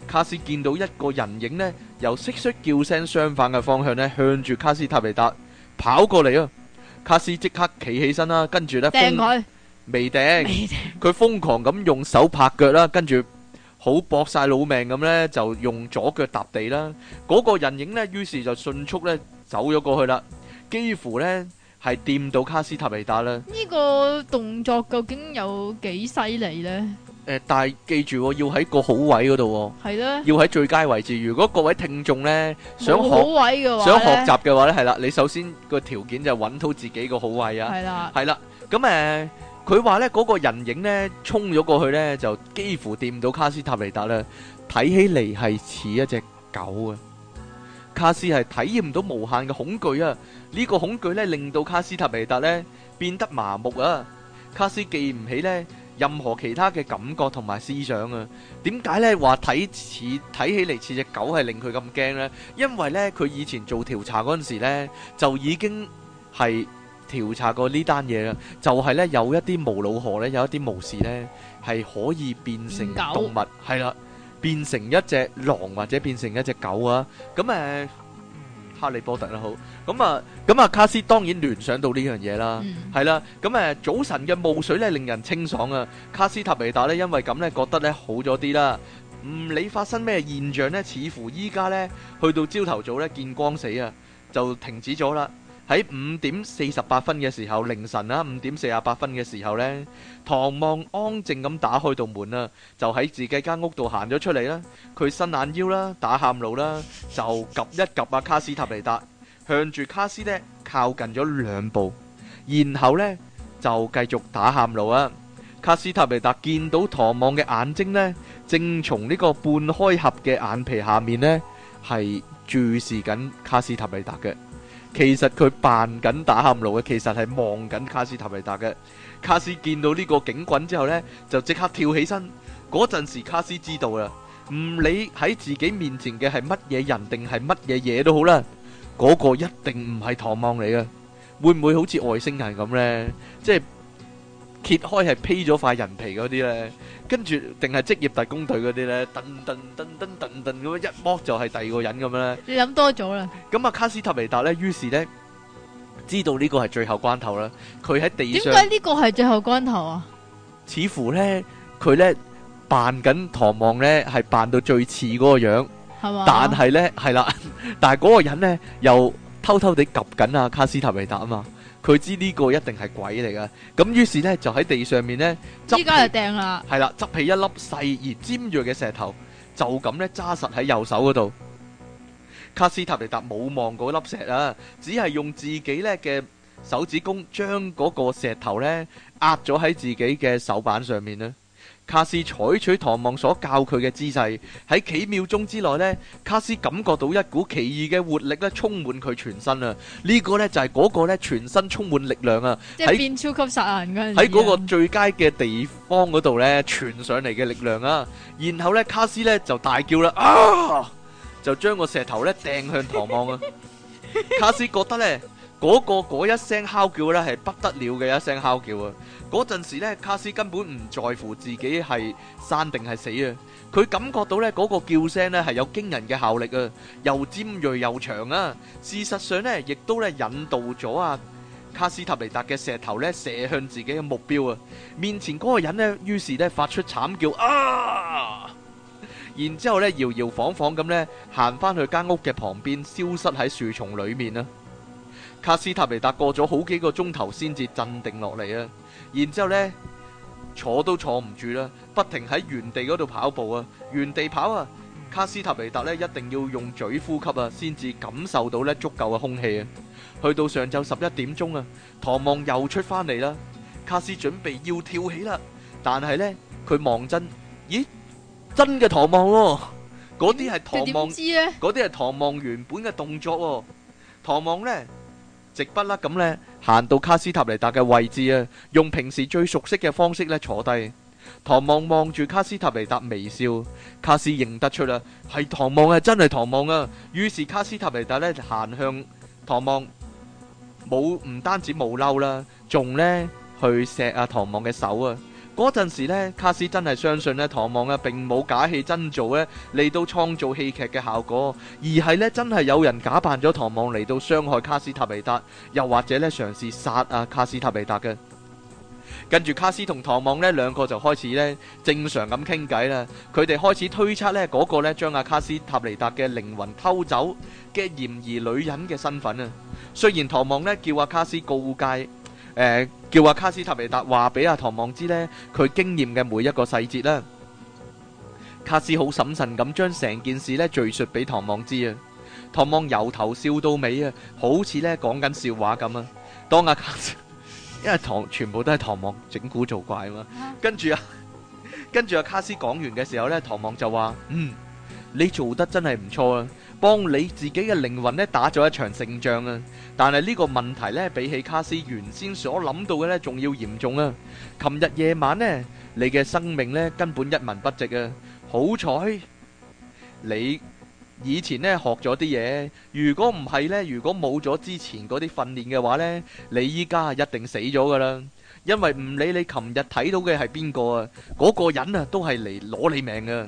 卡斯見到一個人影呢，由蟋蟀叫聲相反嘅方向呢，向住卡斯塔利達跑過嚟啊！卡斯即刻企起身啦，跟住呢。未定，佢瘋狂咁用手拍腳啦，跟住好搏晒老命咁咧，就用左腳踏地啦。嗰個人影咧，於是就迅速咧走咗過去啦，幾乎咧係掂到卡斯塔尼達啦。呢個動作究竟有幾犀利咧？誒，但係記住要喺個好位嗰度，係咧，要喺最佳位置。如果各位聽眾咧想學，想學習嘅話咧，係啦，你首先個條件就揾到自己個好位啊，係啦，係啦，咁誒。佢話咧嗰個人影咧衝咗過去咧，就幾乎掂到卡斯塔尼達咧，睇起嚟係似一隻狗啊！卡斯係體驗唔到無限嘅恐懼啊！呢個恐懼咧令到卡斯塔尼達咧變得麻木啊！卡斯記唔起咧任何其他嘅感覺同埋思想啊！點解咧話睇似睇起嚟似隻狗係令佢咁驚咧？因為咧佢以前做調查嗰陣時咧就已經係。調查過呢單嘢啦，就係咧有一啲無腦河咧，有一啲巫士咧，係可以變成動物，係啦，變成一隻狼或者變成一隻狗啊！咁誒，哈利波特啦好，咁啊，咁啊，卡斯當然聯想到呢樣嘢啦，係啦，咁誒，早晨嘅霧水咧令人清爽啊，卡斯塔尼達咧因為咁咧覺得咧好咗啲啦，唔理發生咩現象咧，似乎依家咧去到朝頭早咧見光死啊，就停止咗啦。喺五點四十八分嘅時候，凌晨啦，五點四十八分嘅時候呢，唐望安靜咁打開道門啦，就喺自己間屋度行咗出嚟啦。佢伸懶腰啦，打喊路啦，就及一及阿卡斯塔尼達，向住卡斯呢靠近咗兩步，然後呢就繼續打喊路啊。卡斯塔尼達見到唐望嘅眼睛呢，正從呢個半開合嘅眼皮下面呢，係注視緊卡斯塔尼達嘅。其實佢扮緊打喊路嘅，其實係望緊卡斯塔維達嘅。卡斯見到呢個警棍之後呢，就即刻跳起身。嗰陣時卡斯知道啦，唔理喺自己面前嘅係乜嘢人定係乜嘢嘢都好啦，嗰個一定唔係唐望嚟嘅。會唔會好似外星人咁呢？即係。揭開係披咗塊人皮嗰啲咧，跟住，定係職業特工隊嗰啲咧，噔噔噔噔噔噔咁樣一剝就係第二個人咁樣咧。你諗多咗啦。咁啊，卡斯塔維達咧，於是咧知道呢個係最後關頭啦。佢喺地上，點解呢個係最後關頭啊？似乎咧，佢咧扮緊唐望咧，係扮到最似嗰個樣，係嘛吧？但係咧，係啦，但係嗰個人咧又偷偷地及緊阿卡斯塔維達啊嘛。佢知呢個一定係鬼嚟噶，咁於是咧就喺地上面咧，依家就掟啦，係啦，執起一粒細而尖鋭嘅石頭，就咁咧揸實喺右手嗰度。卡斯塔尼達冇望嗰粒石啊，只係用自己咧嘅手指公將嗰個石頭咧壓咗喺自己嘅手板上面啦。卡斯採取唐望所教佢嘅姿勢，喺幾秒鐘之內呢卡斯感覺到一股奇異嘅活力咧充滿佢全身啊！呢、這個呢就係嗰個咧全身充滿力量啊！喺變超級殺人嗰陣，喺嗰個最佳嘅地方嗰度呢傳上嚟嘅力量啊！然後呢，卡斯呢就大叫啦啊！就將個石頭呢掟向唐望啊！ <laughs> 卡斯覺得呢。嗰個嗰一聲哮叫咧係不得了嘅一聲哮叫啊！嗰陣時咧，卡斯根本唔在乎自己係生定係死啊！佢感覺到咧嗰個叫聲咧係有驚人嘅效力啊，又尖銳又長啊！事實上咧，亦都咧引導咗啊卡斯塔尼達嘅石頭咧射向自己嘅目標啊！面前嗰個人咧，於是咧發出慘叫啊，然之後咧搖搖晃晃咁咧行翻去間屋嘅旁邊，消失喺樹叢裏面啦。卡斯塔維達過咗好幾個鐘頭先至鎮定落嚟啊，然之後呢坐都坐唔住啦，不停喺原地嗰度跑步啊，原地跑啊。卡斯塔維達呢一定要用嘴呼吸啊，先至感受到呢足夠嘅空氣啊。去到上晝十一點鐘啊，唐望又出翻嚟啦，卡斯準備要跳起啦，但係呢，佢望真，咦，真嘅唐望咯，哦，嗰啲係唐望，知咧，嗰啲係唐望原本嘅動作喎，哦，唐望呢。直不甩咁呢，行到卡斯塔尼達嘅位置啊，用平時最熟悉嘅方式呢坐低。唐望望住卡斯塔尼達微笑，卡斯認得出啦，係唐望啊，真係唐望啊。於是卡斯塔尼達呢就行向唐望，冇，唔單止冇嬲啦，仲呢，去錫阿唐望嘅手啊。嗰陣時咧，卡斯真係相信呢唐望啊並冇假戲真做呢，嚟到創造戲劇嘅效果，而係呢，真係有人假扮咗唐望嚟到傷害卡斯塔尼達，又或者呢，嘗試殺啊卡斯塔尼達嘅。跟住卡斯同唐望呢兩個就開始呢正常咁傾偈啦，佢哋開始推測呢嗰個咧將阿卡斯塔尼達嘅靈魂偷走嘅嫌疑女人嘅身份啊。雖然唐望呢叫阿、啊、卡斯告戒。誒、呃，叫阿、啊、卡斯塔尼達話俾阿唐望知呢，佢經驗嘅每一個細節啦。卡斯好審慎咁將成件事呢，敘述俾唐望知啊。唐望由頭笑到尾啊，好似呢講緊笑話咁啊。當阿、啊、卡斯因為唐全部都係唐望整蠱做怪啊嘛，啊跟住啊，跟住阿、啊、卡斯講完嘅時候呢，唐望就話嗯。你做得真係唔錯啊，幫你自己嘅靈魂呢打咗一場勝仗啊！但係呢個問題呢，比起卡斯原先所諗到嘅呢，仲要嚴重啊！琴日夜晚呢，你嘅生命呢，根本一文不值啊！好彩你以前呢學咗啲嘢，如果唔係呢，如果冇咗之前嗰啲訓練嘅話呢，你依家一定死咗噶啦！因為唔理你琴日睇到嘅係邊個啊，嗰個人啊都係嚟攞你命啊。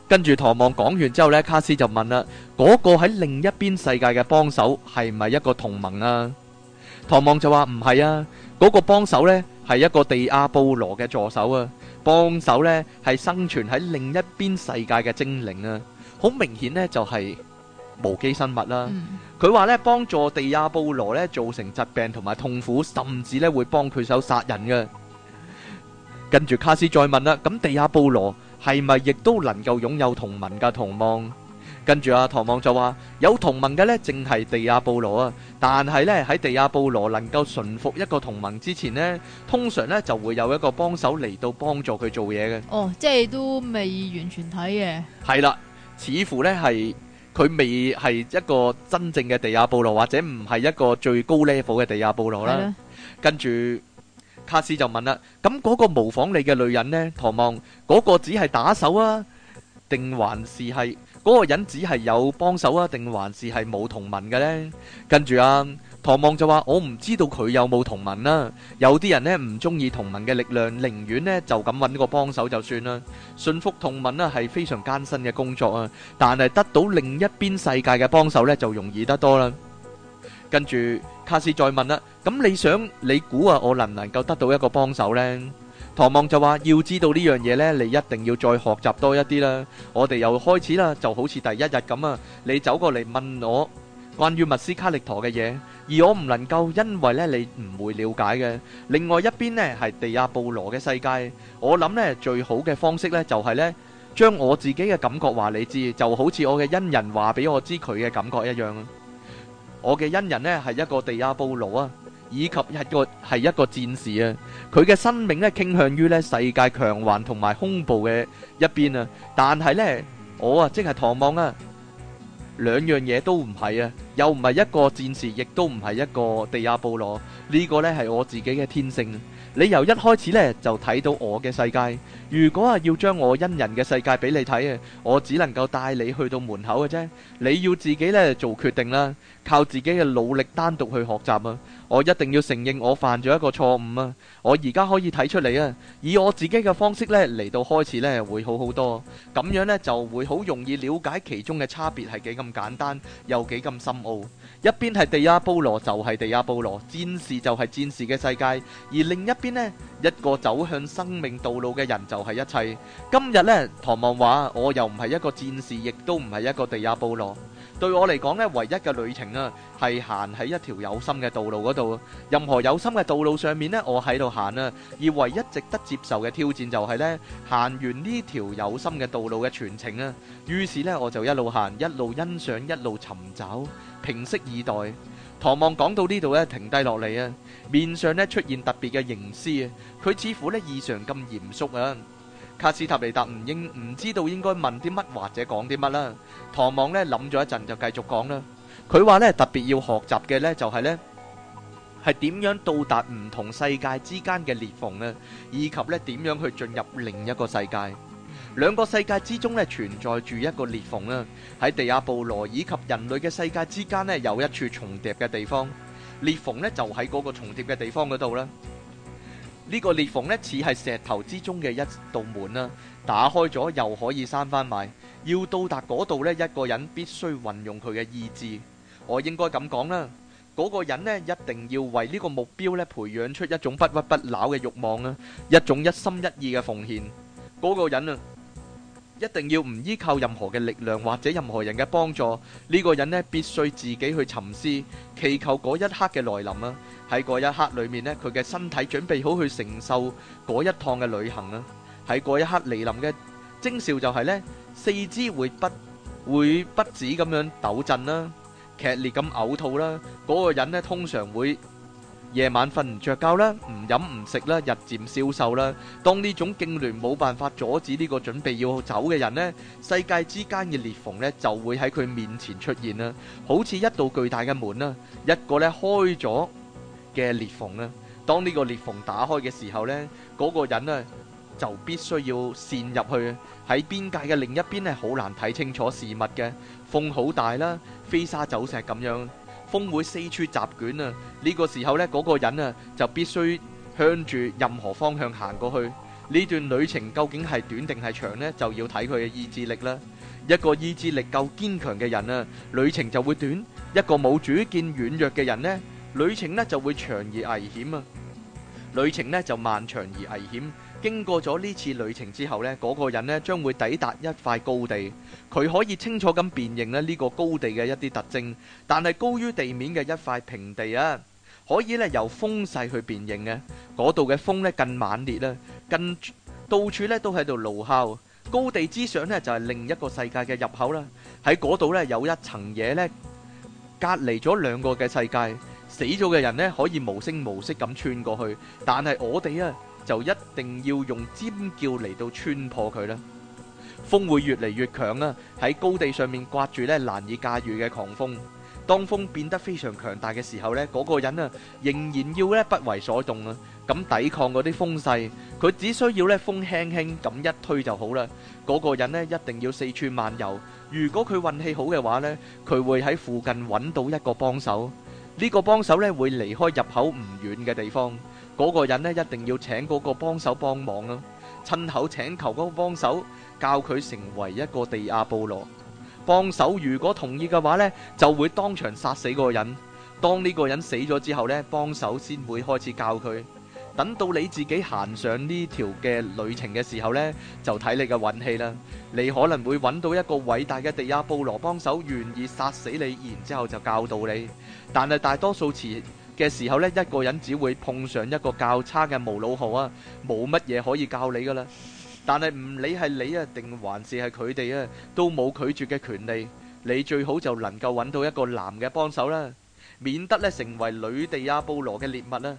跟住唐望講完之後咧，卡斯就問啦：嗰個喺另一邊世界嘅幫手係咪一個同盟啊？唐望就話唔係啊，嗰個幫手咧係一個地亞布羅嘅助手啊，幫手咧係生存喺另一邊世界嘅精靈啊，好明顯咧就係無機生物啦。佢話咧幫助地亞布羅咧造成疾病同埋痛苦，甚至咧會幫佢手殺人嘅。跟住卡斯再問啦：咁地亞布羅？係咪亦都能夠擁有同盟噶？同盟跟住阿唐望就話有同盟嘅咧，淨係地亞布羅啊！但係咧喺地亞布羅能夠馴服一個同盟之前咧，通常咧就會有一個幫手嚟到幫助佢做嘢嘅。哦，即係都未完全睇嘅。係啦，似乎咧係佢未係一個真正嘅地亞布羅，或者唔係一個最高 level 嘅地亞布羅啦。跟住。卡斯就問啦，咁嗰個模仿你嘅女人呢？唐望嗰個只係打手啊？定還是係嗰個人只係有幫手啊？定還是係冇同盟嘅呢？跟住啊，唐望就話，我唔知道佢有冇同盟啦。有啲人呢唔中意同盟嘅力量，寧願呢就咁揾個幫手就算啦。信服同盟啦係非常艱辛嘅工作啊，但係得到另一邊世界嘅幫手呢，就容易得多啦。跟住卡斯再問啦，咁你想你估啊，我能唔能夠得到一個幫手咧？唐望就話，要知道呢樣嘢咧你一定要再學習多一啲啦。我哋又開始啦，就好似第一日咁啊，你走過嚟，問我關於密斯卡力陀嘅嘢，而我唔能夠，因為咧你唔會了解嘅。另外一邊咧係地亞布羅嘅世界，我諗咧最好嘅方式咧就係咧將我自己嘅感覺話你知，就好似我嘅恩人話俾我知佢嘅感覺一樣。我嘅恩人呢，係一個地亞布魯啊，以及一個係一個戰士啊。佢嘅生命呢，傾向於呢世界強橫同埋恐怖嘅一邊啊。但係呢，我啊即係唐望啊，兩樣嘢都唔係啊，又唔係一個戰士，亦都唔係一個地亞布魯。呢、這個呢，係我自己嘅天性。你由一開始呢，就睇到我嘅世界。如果啊要將我恩人嘅世界俾你睇啊，我只能夠帶你去到門口嘅啫。你要自己呢，做決定啦。靠自己嘅努力單獨去學習啊！我一定要承認我犯咗一個錯誤啊！我而家可以睇出嚟啊！以我自己嘅方式呢嚟到開始呢，會好好多，咁樣呢，就會好容易了解其中嘅差別係幾咁簡單又幾咁深奧。一邊係地亞波羅就係地亞波羅，戰士就係戰士嘅世界；而另一邊呢，一個走向生命道路嘅人就係一切。今日呢，唐望話我又唔係一個戰士，亦都唔係一個地亞波羅。對我嚟講咧，唯一嘅旅程啊，係行喺一條有心嘅道路嗰度。任何有心嘅道路上面咧，我喺度行啦。而唯一值得接受嘅挑戰就係咧，行完呢條有心嘅道路嘅全程啊。於是咧，我就一路行，一路欣賞，一路尋找，平息以待。唐望講到呢度咧，停低落嚟啊，面上咧，出現特別嘅凝思啊，佢似乎咧異常咁嚴肅啊。卡斯塔尼達唔應唔知道應該問啲乜或者講啲乜啦。唐望咧諗咗一陣就繼續講啦。佢話咧特別要學習嘅咧就係咧係點樣到達唔同世界之間嘅裂縫啊，以及咧點樣去進入另一個世界。兩個世界之中咧存在住一個裂縫啊，喺地亞布羅以及人類嘅世界之間咧有一處重疊嘅地方，裂縫咧就喺嗰個重疊嘅地方嗰度啦。呢個裂縫呢似係石頭之中嘅一道門啦，打開咗又可以閂翻埋。要到達嗰度呢，一個人必須運用佢嘅意志。我應該咁講啦，嗰個人呢，一定要為呢個目標呢培養出一種不屈不撓嘅慾望啊，一種一心一意嘅奉獻。嗰個人啊～一定要唔依靠任何嘅力量或者任何人嘅幫助，呢個人咧必須自己去沉思祈求嗰一刻嘅來臨啊！喺嗰一刻裏面咧，佢嘅身體準備好去承受嗰一趟嘅旅行啊！喺嗰一刻嚟臨嘅徵兆就係咧，四肢會不會不止咁樣抖震啦，劇烈咁嘔吐啦，嗰個人咧通常會。夜晚瞓唔着覺啦，唔飲唔食啦，日漸消瘦啦。當呢種痙攣冇辦法阻止呢個準備要走嘅人呢，世界之間嘅裂縫呢就會喺佢面前出現啦，好似一道巨大嘅門啦，一個咧開咗嘅裂縫啦。當呢個裂縫打開嘅時候呢，嗰、那個人呢就必須要滲入去喺邊界嘅另一邊，係好難睇清楚事物嘅，風好大啦，飛沙走石咁樣。風會四處席捲啊！呢、呢個時候呢，嗰個人啊，就必須向住任何方向行過去。呢段旅程究竟係短定係長呢？就要睇佢嘅意志力啦。一個意志力夠堅強嘅人啊，旅程就會短；一個冇主見軟弱嘅人呢，旅程呢，就會長而危險啊！旅程呢，就漫長而危險。經過咗呢次旅程之後咧，嗰個人咧，將會抵達一塊高地，佢可以清楚咁辨認咧，呢個高地嘅一啲特徵。但係高於地面嘅一塊平地啊，可以咧由風勢去辨認嘅。嗰度嘅風咧，更猛烈啦，更到處咧都喺度怒吼。高地之上咧，就係另一個世界嘅入口啦。喺嗰度咧，有一層嘢咧，隔離咗兩個嘅世界。死咗嘅人咧，可以無聲無息咁穿過去，但係我哋啊，就一定要用尖叫嚟到穿破佢啦！風會越嚟越強啊！喺高地上面颳住咧，難以駕馭嘅狂風。當風變得非常強大嘅時候咧，嗰個人啊仍然要咧不為所動啊！咁抵抗嗰啲風勢，佢只需要咧風輕輕咁一推就好啦。嗰個人咧一定要四處漫遊。如果佢運氣好嘅話咧，佢會喺附近搵到一個幫手。呢個幫手咧會離開入口唔遠嘅地方。嗰個人咧一定要請嗰個幫手幫忙咯，親口請求嗰個幫手教佢成為一個地亞布羅。幫手如果同意嘅話呢，就會當場殺死嗰個人。當呢個人死咗之後呢，幫手先會開始教佢。等到你自己行上呢條嘅旅程嘅時候呢，就睇你嘅運氣啦。你可能會揾到一個偉大嘅地亞布羅幫手，願意殺死你，然之後就教導你。但係大多數時，嘅時候呢，一個人只會碰上一個較差嘅無腦號啊，冇乜嘢可以教你噶啦。但係唔理係你啊，定還是係佢哋啊，都冇拒絕嘅權利。你最好就能夠揾到一個男嘅幫手啦，免得呢成為女地亞布羅嘅獵物啦。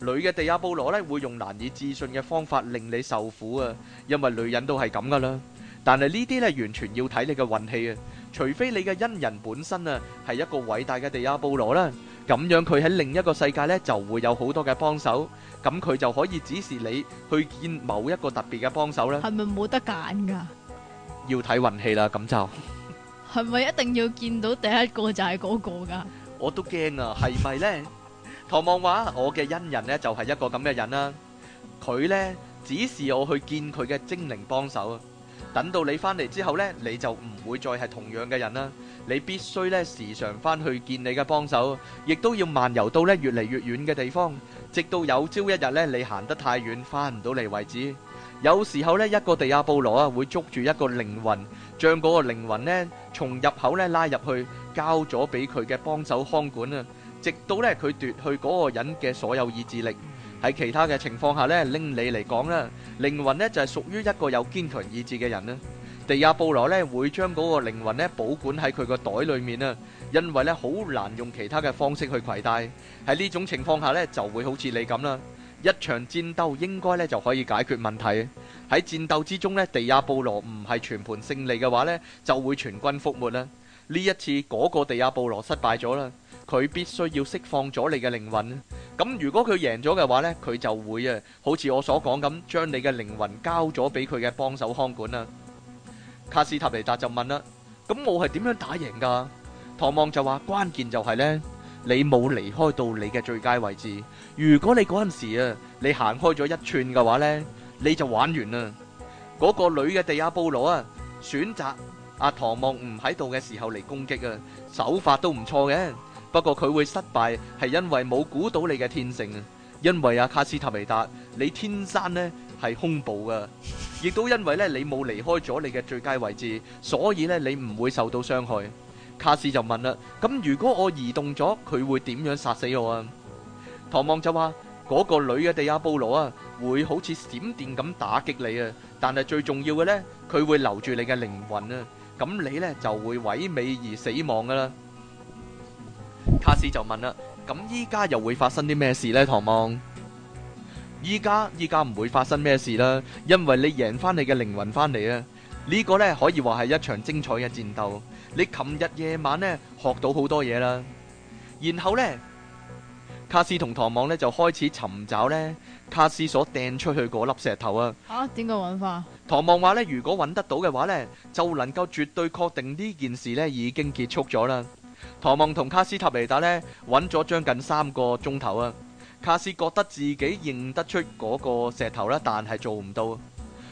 女嘅地亞布羅呢會用難以置信嘅方法令你受苦啊，因為女人都係咁噶啦。但係呢啲呢完全要睇你嘅運氣啊，除非你嘅恩人本身啊係一個偉大嘅地亞布羅啦。咁樣佢喺另一個世界咧就會有好多嘅幫手，咁佢就可以指示你去見某一個特別嘅幫手啦。係咪冇得揀噶？要睇運氣啦，咁就係咪一定要見到第一個就係嗰個噶？我都驚啊！係咪咧？唐望話：我嘅恩人咧就係一個咁嘅人啦，佢咧指示我去見佢嘅精靈幫手。等到你翻嚟之後咧，你就唔會再係同樣嘅人啦。你必須咧時常翻去見你嘅幫手，亦都要漫遊到咧越嚟越遠嘅地方，直到有朝一日咧你行得太遠，翻唔到嚟為止。有時候咧一個地亞布羅啊會捉住一個靈魂，將嗰個靈魂呢從入口咧拉入去，交咗俾佢嘅幫手看管啊，直到咧佢奪去嗰個人嘅所有意志力。喺其他嘅情況下咧拎你嚟講啦，靈魂呢就係屬於一個有堅強意志嘅人啦。地亞布羅咧會將嗰個靈魂咧保管喺佢個袋裏面啊，因為咧好難用其他嘅方式去攜帶。喺呢種情況下咧就會好似你咁啦。一場戰鬥應該咧就可以解決問題。喺戰鬥之中咧，地亞布羅唔係全盤勝利嘅話咧就會全軍覆沒啦。呢一次嗰個地亞布羅失敗咗啦，佢必須要釋放咗你嘅靈魂。咁如果佢贏咗嘅話咧，佢就會啊，好似我所講咁，將你嘅靈魂交咗俾佢嘅幫手看管啦。卡斯塔尼達就問啦：咁我係點樣打贏噶？唐望就話：關鍵就係、是、呢，你冇離開到你嘅最佳位置。如果你嗰陣時啊，你行開咗一寸嘅話呢，你就玩完啦。嗰、那個女嘅地亞布魯啊，選擇阿唐望唔喺度嘅時候嚟攻擊啊，手法都唔錯嘅。不過佢會失敗係因為冇估到你嘅天性啊。因為阿、啊、卡斯塔尼達，你天生呢係兇暴噶。亦都因為咧，你冇離開咗你嘅最佳位置，所以咧你唔會受到傷害。卡斯就問啦：咁如果我移動咗，佢會點樣殺死我啊？唐望就話：嗰個女嘅地亞布魯啊，會好似閃電咁打擊你啊！但係最重要嘅咧，佢會留住你嘅靈魂啊！咁你咧就會萎靡而死亡噶啦。卡斯就問啦：咁依家又會發生啲咩事咧？唐望？依家，依家唔會發生咩事啦，因為你贏翻你嘅靈魂翻嚟啊！這個、呢個呢可以話係一場精彩嘅戰鬥。你琴日夜晚呢學到好多嘢啦，然後呢，卡斯同唐望呢，就開始尋找呢卡斯所掟出去嗰粒石頭啊！吓、啊，點解揾翻？唐望話呢，如果揾得到嘅話呢，就能夠絕對確定呢件事呢已經結束咗啦。唐望同卡斯塔尼達呢，揾咗將近三個鐘頭啊！卡斯覺得自己認得出嗰個石頭啦，但係做唔到。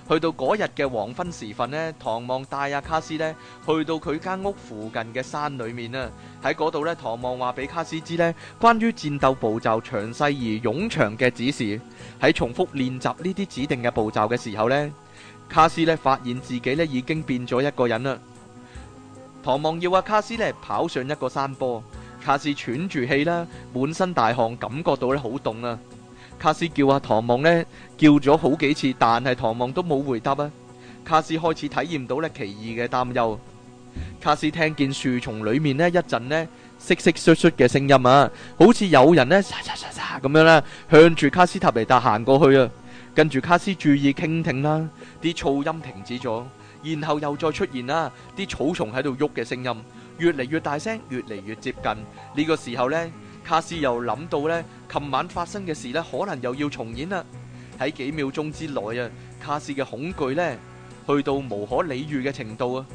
去到嗰日嘅黃昏時分咧，唐望帶阿卡斯咧去到佢間屋附近嘅山裏面啦。喺嗰度咧，唐望話俾卡斯知咧關於戰鬥步驟詳細而冗長嘅指示。喺重複練習呢啲指定嘅步驟嘅時候，呢卡斯咧發現自己咧已經變咗一個人啦。唐望要阿卡斯咧跑上一個山坡。卡斯喘住氣啦，滿身大汗，感覺到咧好凍啊。卡斯叫阿唐望咧，叫咗好幾次，但係唐望都冇回答啊。卡斯開始體驗到咧奇異嘅擔憂。卡斯聽見樹叢裏面咧一陣咧淅淅唰唰嘅聲音啊，好似有人咧唰唰唰唰咁樣咧向住卡斯塔尼達行過去啊。跟住卡斯注意傾聽啦，啲噪音停止咗，然後又再出現啦，啲草叢喺度喐嘅聲音。越嚟越大聲，越嚟越接近。呢個時候呢，卡斯又諗到呢，琴晚發生嘅事呢，可能又要重演啦。喺幾秒鐘之內啊，卡斯嘅恐懼呢，去到無可理喻嘅程度啊。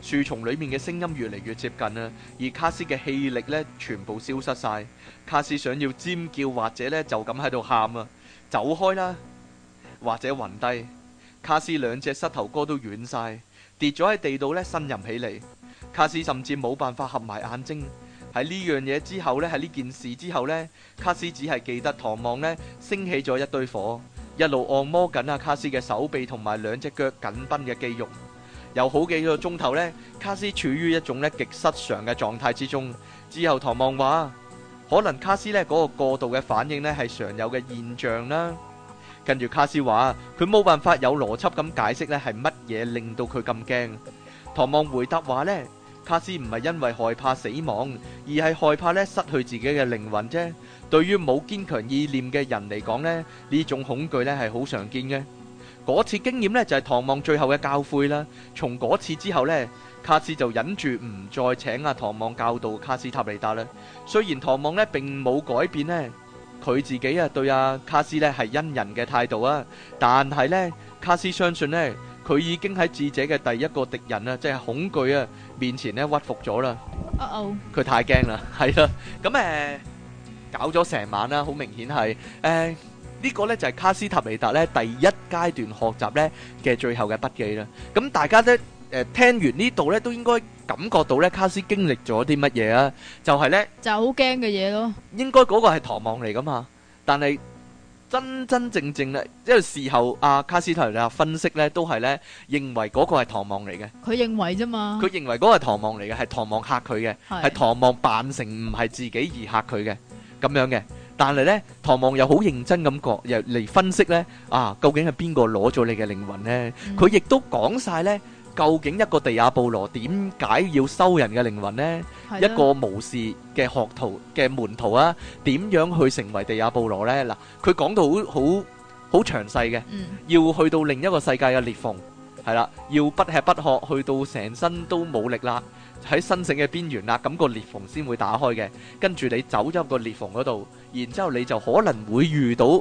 樹叢裏面嘅聲音越嚟越接近啊，而卡斯嘅氣力呢，全部消失晒。卡斯想要尖叫，或者呢，就咁喺度喊啊，走開啦，或者暈低。卡斯兩隻膝頭哥都軟晒，跌咗喺地度呢，呻吟起嚟。卡斯甚至冇辦法合埋眼睛。喺呢樣嘢之後咧，喺呢件事之後咧，卡斯只係記得唐望咧升起咗一堆火，一路按摩緊啊卡斯嘅手臂同埋兩隻腳緊繃嘅肌肉。有好幾個鐘頭咧，卡斯處於一種咧極失常嘅狀態之中。之後唐望話：可能卡斯咧嗰個過度嘅反應咧係常有嘅現象啦。跟住卡斯話：佢冇辦法有邏輯咁解釋咧係乜嘢令到佢咁驚。唐望回答話咧。卡斯唔係因為害怕死亡，而係害怕咧失去自己嘅靈魂啫。對於冇堅強意念嘅人嚟講咧，呢種恐懼咧係好常見嘅。嗰次經驗咧就係、是、唐望最後嘅教誨啦。從嗰次之後呢，卡斯就忍住唔再請阿、啊、唐望教導卡斯塔尼達啦。雖然唐望呢並冇改變呢，佢自己對啊對阿卡斯呢係恩人嘅態度啊，但係呢，卡斯相信呢，佢已經喺智者嘅第一個敵人啊，即係恐懼啊，面前咧屈服咗啦，佢、uh oh. 太驚啦，係啦，咁誒、呃、搞咗成晚啦，好明顯係誒呢個咧就係卡斯塔尼達咧第一階段學習咧嘅最後嘅筆記啦。咁大家咧誒、呃、聽完呢度咧都應該感覺到咧卡斯經歷咗啲乜嘢啊？就係、是、咧，就好驚嘅嘢咯。應該嗰個係唐望嚟㗎嘛？但係，真真正正咧，因為事後阿卡斯提勒分析咧，都係咧認為嗰個係唐望嚟嘅。佢認為啫嘛。佢認為嗰個係唐望嚟嘅，係唐望嚇佢嘅，係唐望扮成唔係自己而嚇佢嘅咁樣嘅。但係咧，唐望又好認真咁講，又嚟分析咧啊，究竟係邊個攞咗你嘅靈魂咧？佢、嗯、亦都講晒咧。究竟一個地亞布羅點解要收人嘅靈魂呢？一個巫士嘅學徒嘅門徒啊，點樣去成為地亞布羅呢？嗱，佢講到好好好詳細嘅，要去到另一個世界嘅裂縫，係啦，要不吃不喝，去到成身都冇力啦，喺生死嘅邊緣啦，咁個裂縫先會打開嘅。跟住你走入個裂縫嗰度，然之後你就可能會遇到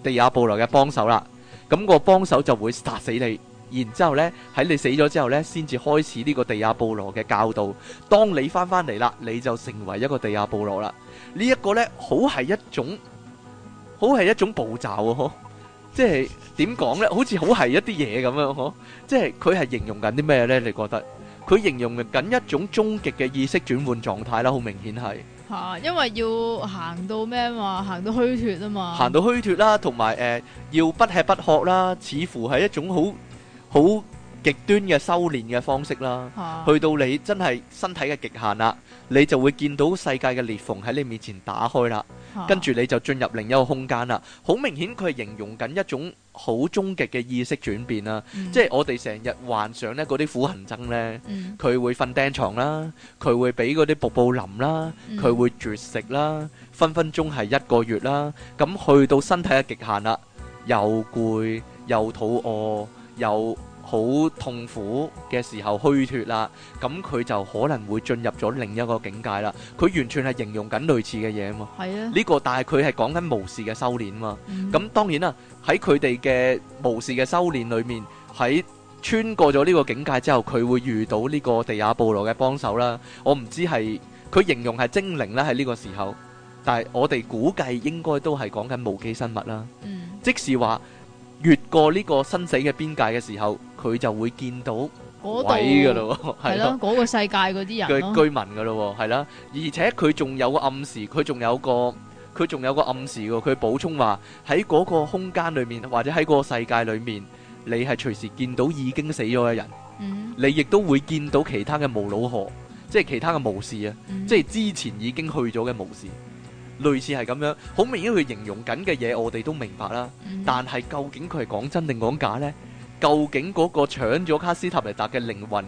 地亞布羅嘅幫手啦。咁個幫手就會殺死你。然之後呢，喺你死咗之後呢，先至開始呢個地亞布羅嘅教導。當你翻翻嚟啦，你就成為一個地亞布羅啦。呢一個呢，好係一種，好係一種步驟喎。即係點講呢？好似好係一啲嘢咁樣，呵。即係佢係形容緊啲咩呢？你覺得？佢形容緊一種終極嘅意識轉換狀態啦。好明顯係嚇，因為要行到咩啊嘛？行到虛脫啊嘛？行到虛脫啦，同埋誒要不吃不喝啦，似乎係一種好。好極端嘅修練嘅方式啦，啊、去到你真係身體嘅極限啦，你就會見到世界嘅裂縫喺你面前打開啦。啊、跟住你就進入另一個空間啦。好明顯，佢係形容緊一種好終極嘅意識轉變啦。嗯、即係我哋成日幻想呢嗰啲苦行僧呢，佢、嗯、會瞓釘床啦，佢會俾嗰啲瀑布淋啦，佢、嗯、會絕食啦，分分鐘係一個月啦。咁去到身體嘅極限啦，又攰又，又，又肚餓。有好痛苦嘅時候虛脫啦，咁佢就可能會進入咗另一個境界啦。佢完全係形容緊類似嘅嘢啊嘛。係啊，呢個但係佢係講緊巫士嘅修煉嘛。咁當然啦，喺佢哋嘅巫士嘅修煉裏面，喺穿過咗呢個境界之後，佢會遇到呢個地亞部落嘅幫手啦。我唔知係佢形容係精靈啦，喺呢個時候，但係我哋估計應該都係講緊無機生物啦。嗯，即係話。越過呢個生死嘅邊界嘅時候，佢就會見到鬼嘅咯，係咯裡，嗰 <laughs> 了個世界嗰啲人嘅居民嘅咯，係啦。而且佢仲有個暗示，佢仲有個佢仲有個暗示嘅。佢補充話喺嗰個空間裏面，或者喺嗰個世界裏面，你係隨時見到已經死咗嘅人，mm hmm. 你亦都會見到其他嘅無腦河，即係其他嘅巫士啊，mm hmm. 即係之前已經去咗嘅巫士。類似係咁樣，好明顯佢形容緊嘅嘢我哋都明白啦。但係究竟佢係講真定講假呢？究竟嗰個搶咗卡斯塔尼達嘅靈魂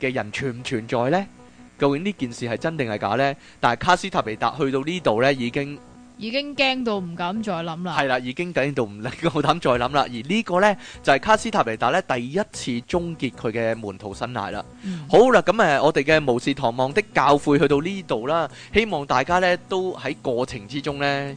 嘅人存唔存在呢？究竟呢件事係真定係假呢？但係卡斯塔尼達去到呢度呢，已經。已經驚到唔敢再諗啦。係啦，已經驚到唔夠膽再諗啦。而呢個咧就係卡斯塔皮達咧第一次終結佢嘅門徒生涯啦。好啦，咁誒，我哋嘅巫士唐望的教誨去到呢度啦，希望大家咧都喺過程之中咧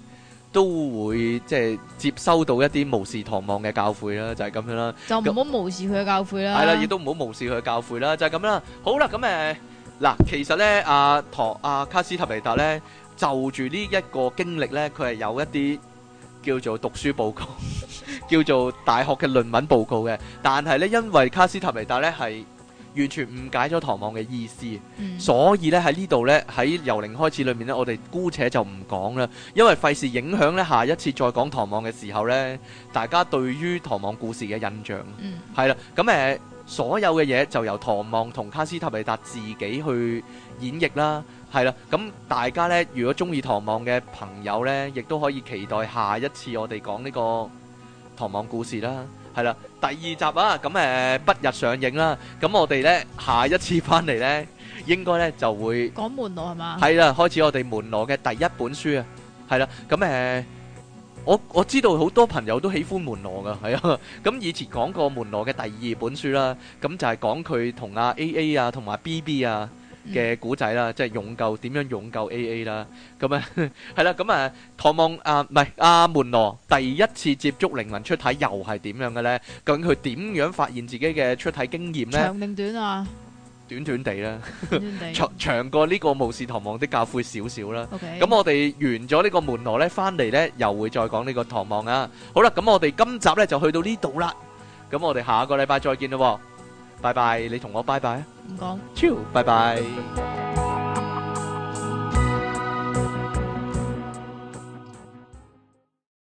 都會即係接收到一啲巫士唐望嘅教誨啦，就係咁樣啦。就唔好無視佢嘅教誨啦。係啦，亦都唔好無視佢嘅教誨啦，就係咁啦。好啦，咁誒嗱，其實咧阿唐阿卡斯塔皮達咧。就住呢一個經歷呢，佢係有一啲叫做讀書報告， <laughs> 叫做大學嘅論文報告嘅。但係呢，因為卡斯提維達呢係完全誤解咗唐望嘅意思，嗯、所以呢喺呢度呢，喺由零開始裏面呢，我哋姑且就唔講啦，因為費事影響呢下一次再講唐望嘅時候呢，大家對於唐望故事嘅印象。嗯，係啦，咁誒、呃、所有嘅嘢就由唐望同卡斯提維達自己去演繹啦。係啦，咁大家咧，如果中意《唐望》嘅朋友咧，亦都可以期待下一次我哋講呢個《唐望》故事啦。係啦，第二集啊，咁誒不日上映啦。咁我哋咧下一次翻嚟咧，應該咧就會講門羅係嘛？係啦，開始我哋門羅嘅第一本書啊。係啦，咁誒，我我知道好多朋友都喜歡門羅噶，係啊。咁以前講過門羅嘅第二本書啦，咁就係講佢同阿 A A 啊同埋 B B 啊。嘅古仔啦，即係勇救，點樣勇救 A A 啦？咁啊，係啦，咁啊，唐望啊，唔係阿門羅第一次接觸靈魂出體又係點樣嘅咧？究竟佢點樣發現自己嘅出體經驗呢？長定短啊？短短地啦，短短地，長過呢個巫士唐望的教誨少少啦。咁 Okay. 我哋完咗呢個門羅呢翻嚟呢，又會再講呢個唐望啊。好啦，咁我哋今集呢就去到呢度啦。咁我哋下個禮拜再見咯。拜拜，你同我拜拜啊！唔講，超拜拜。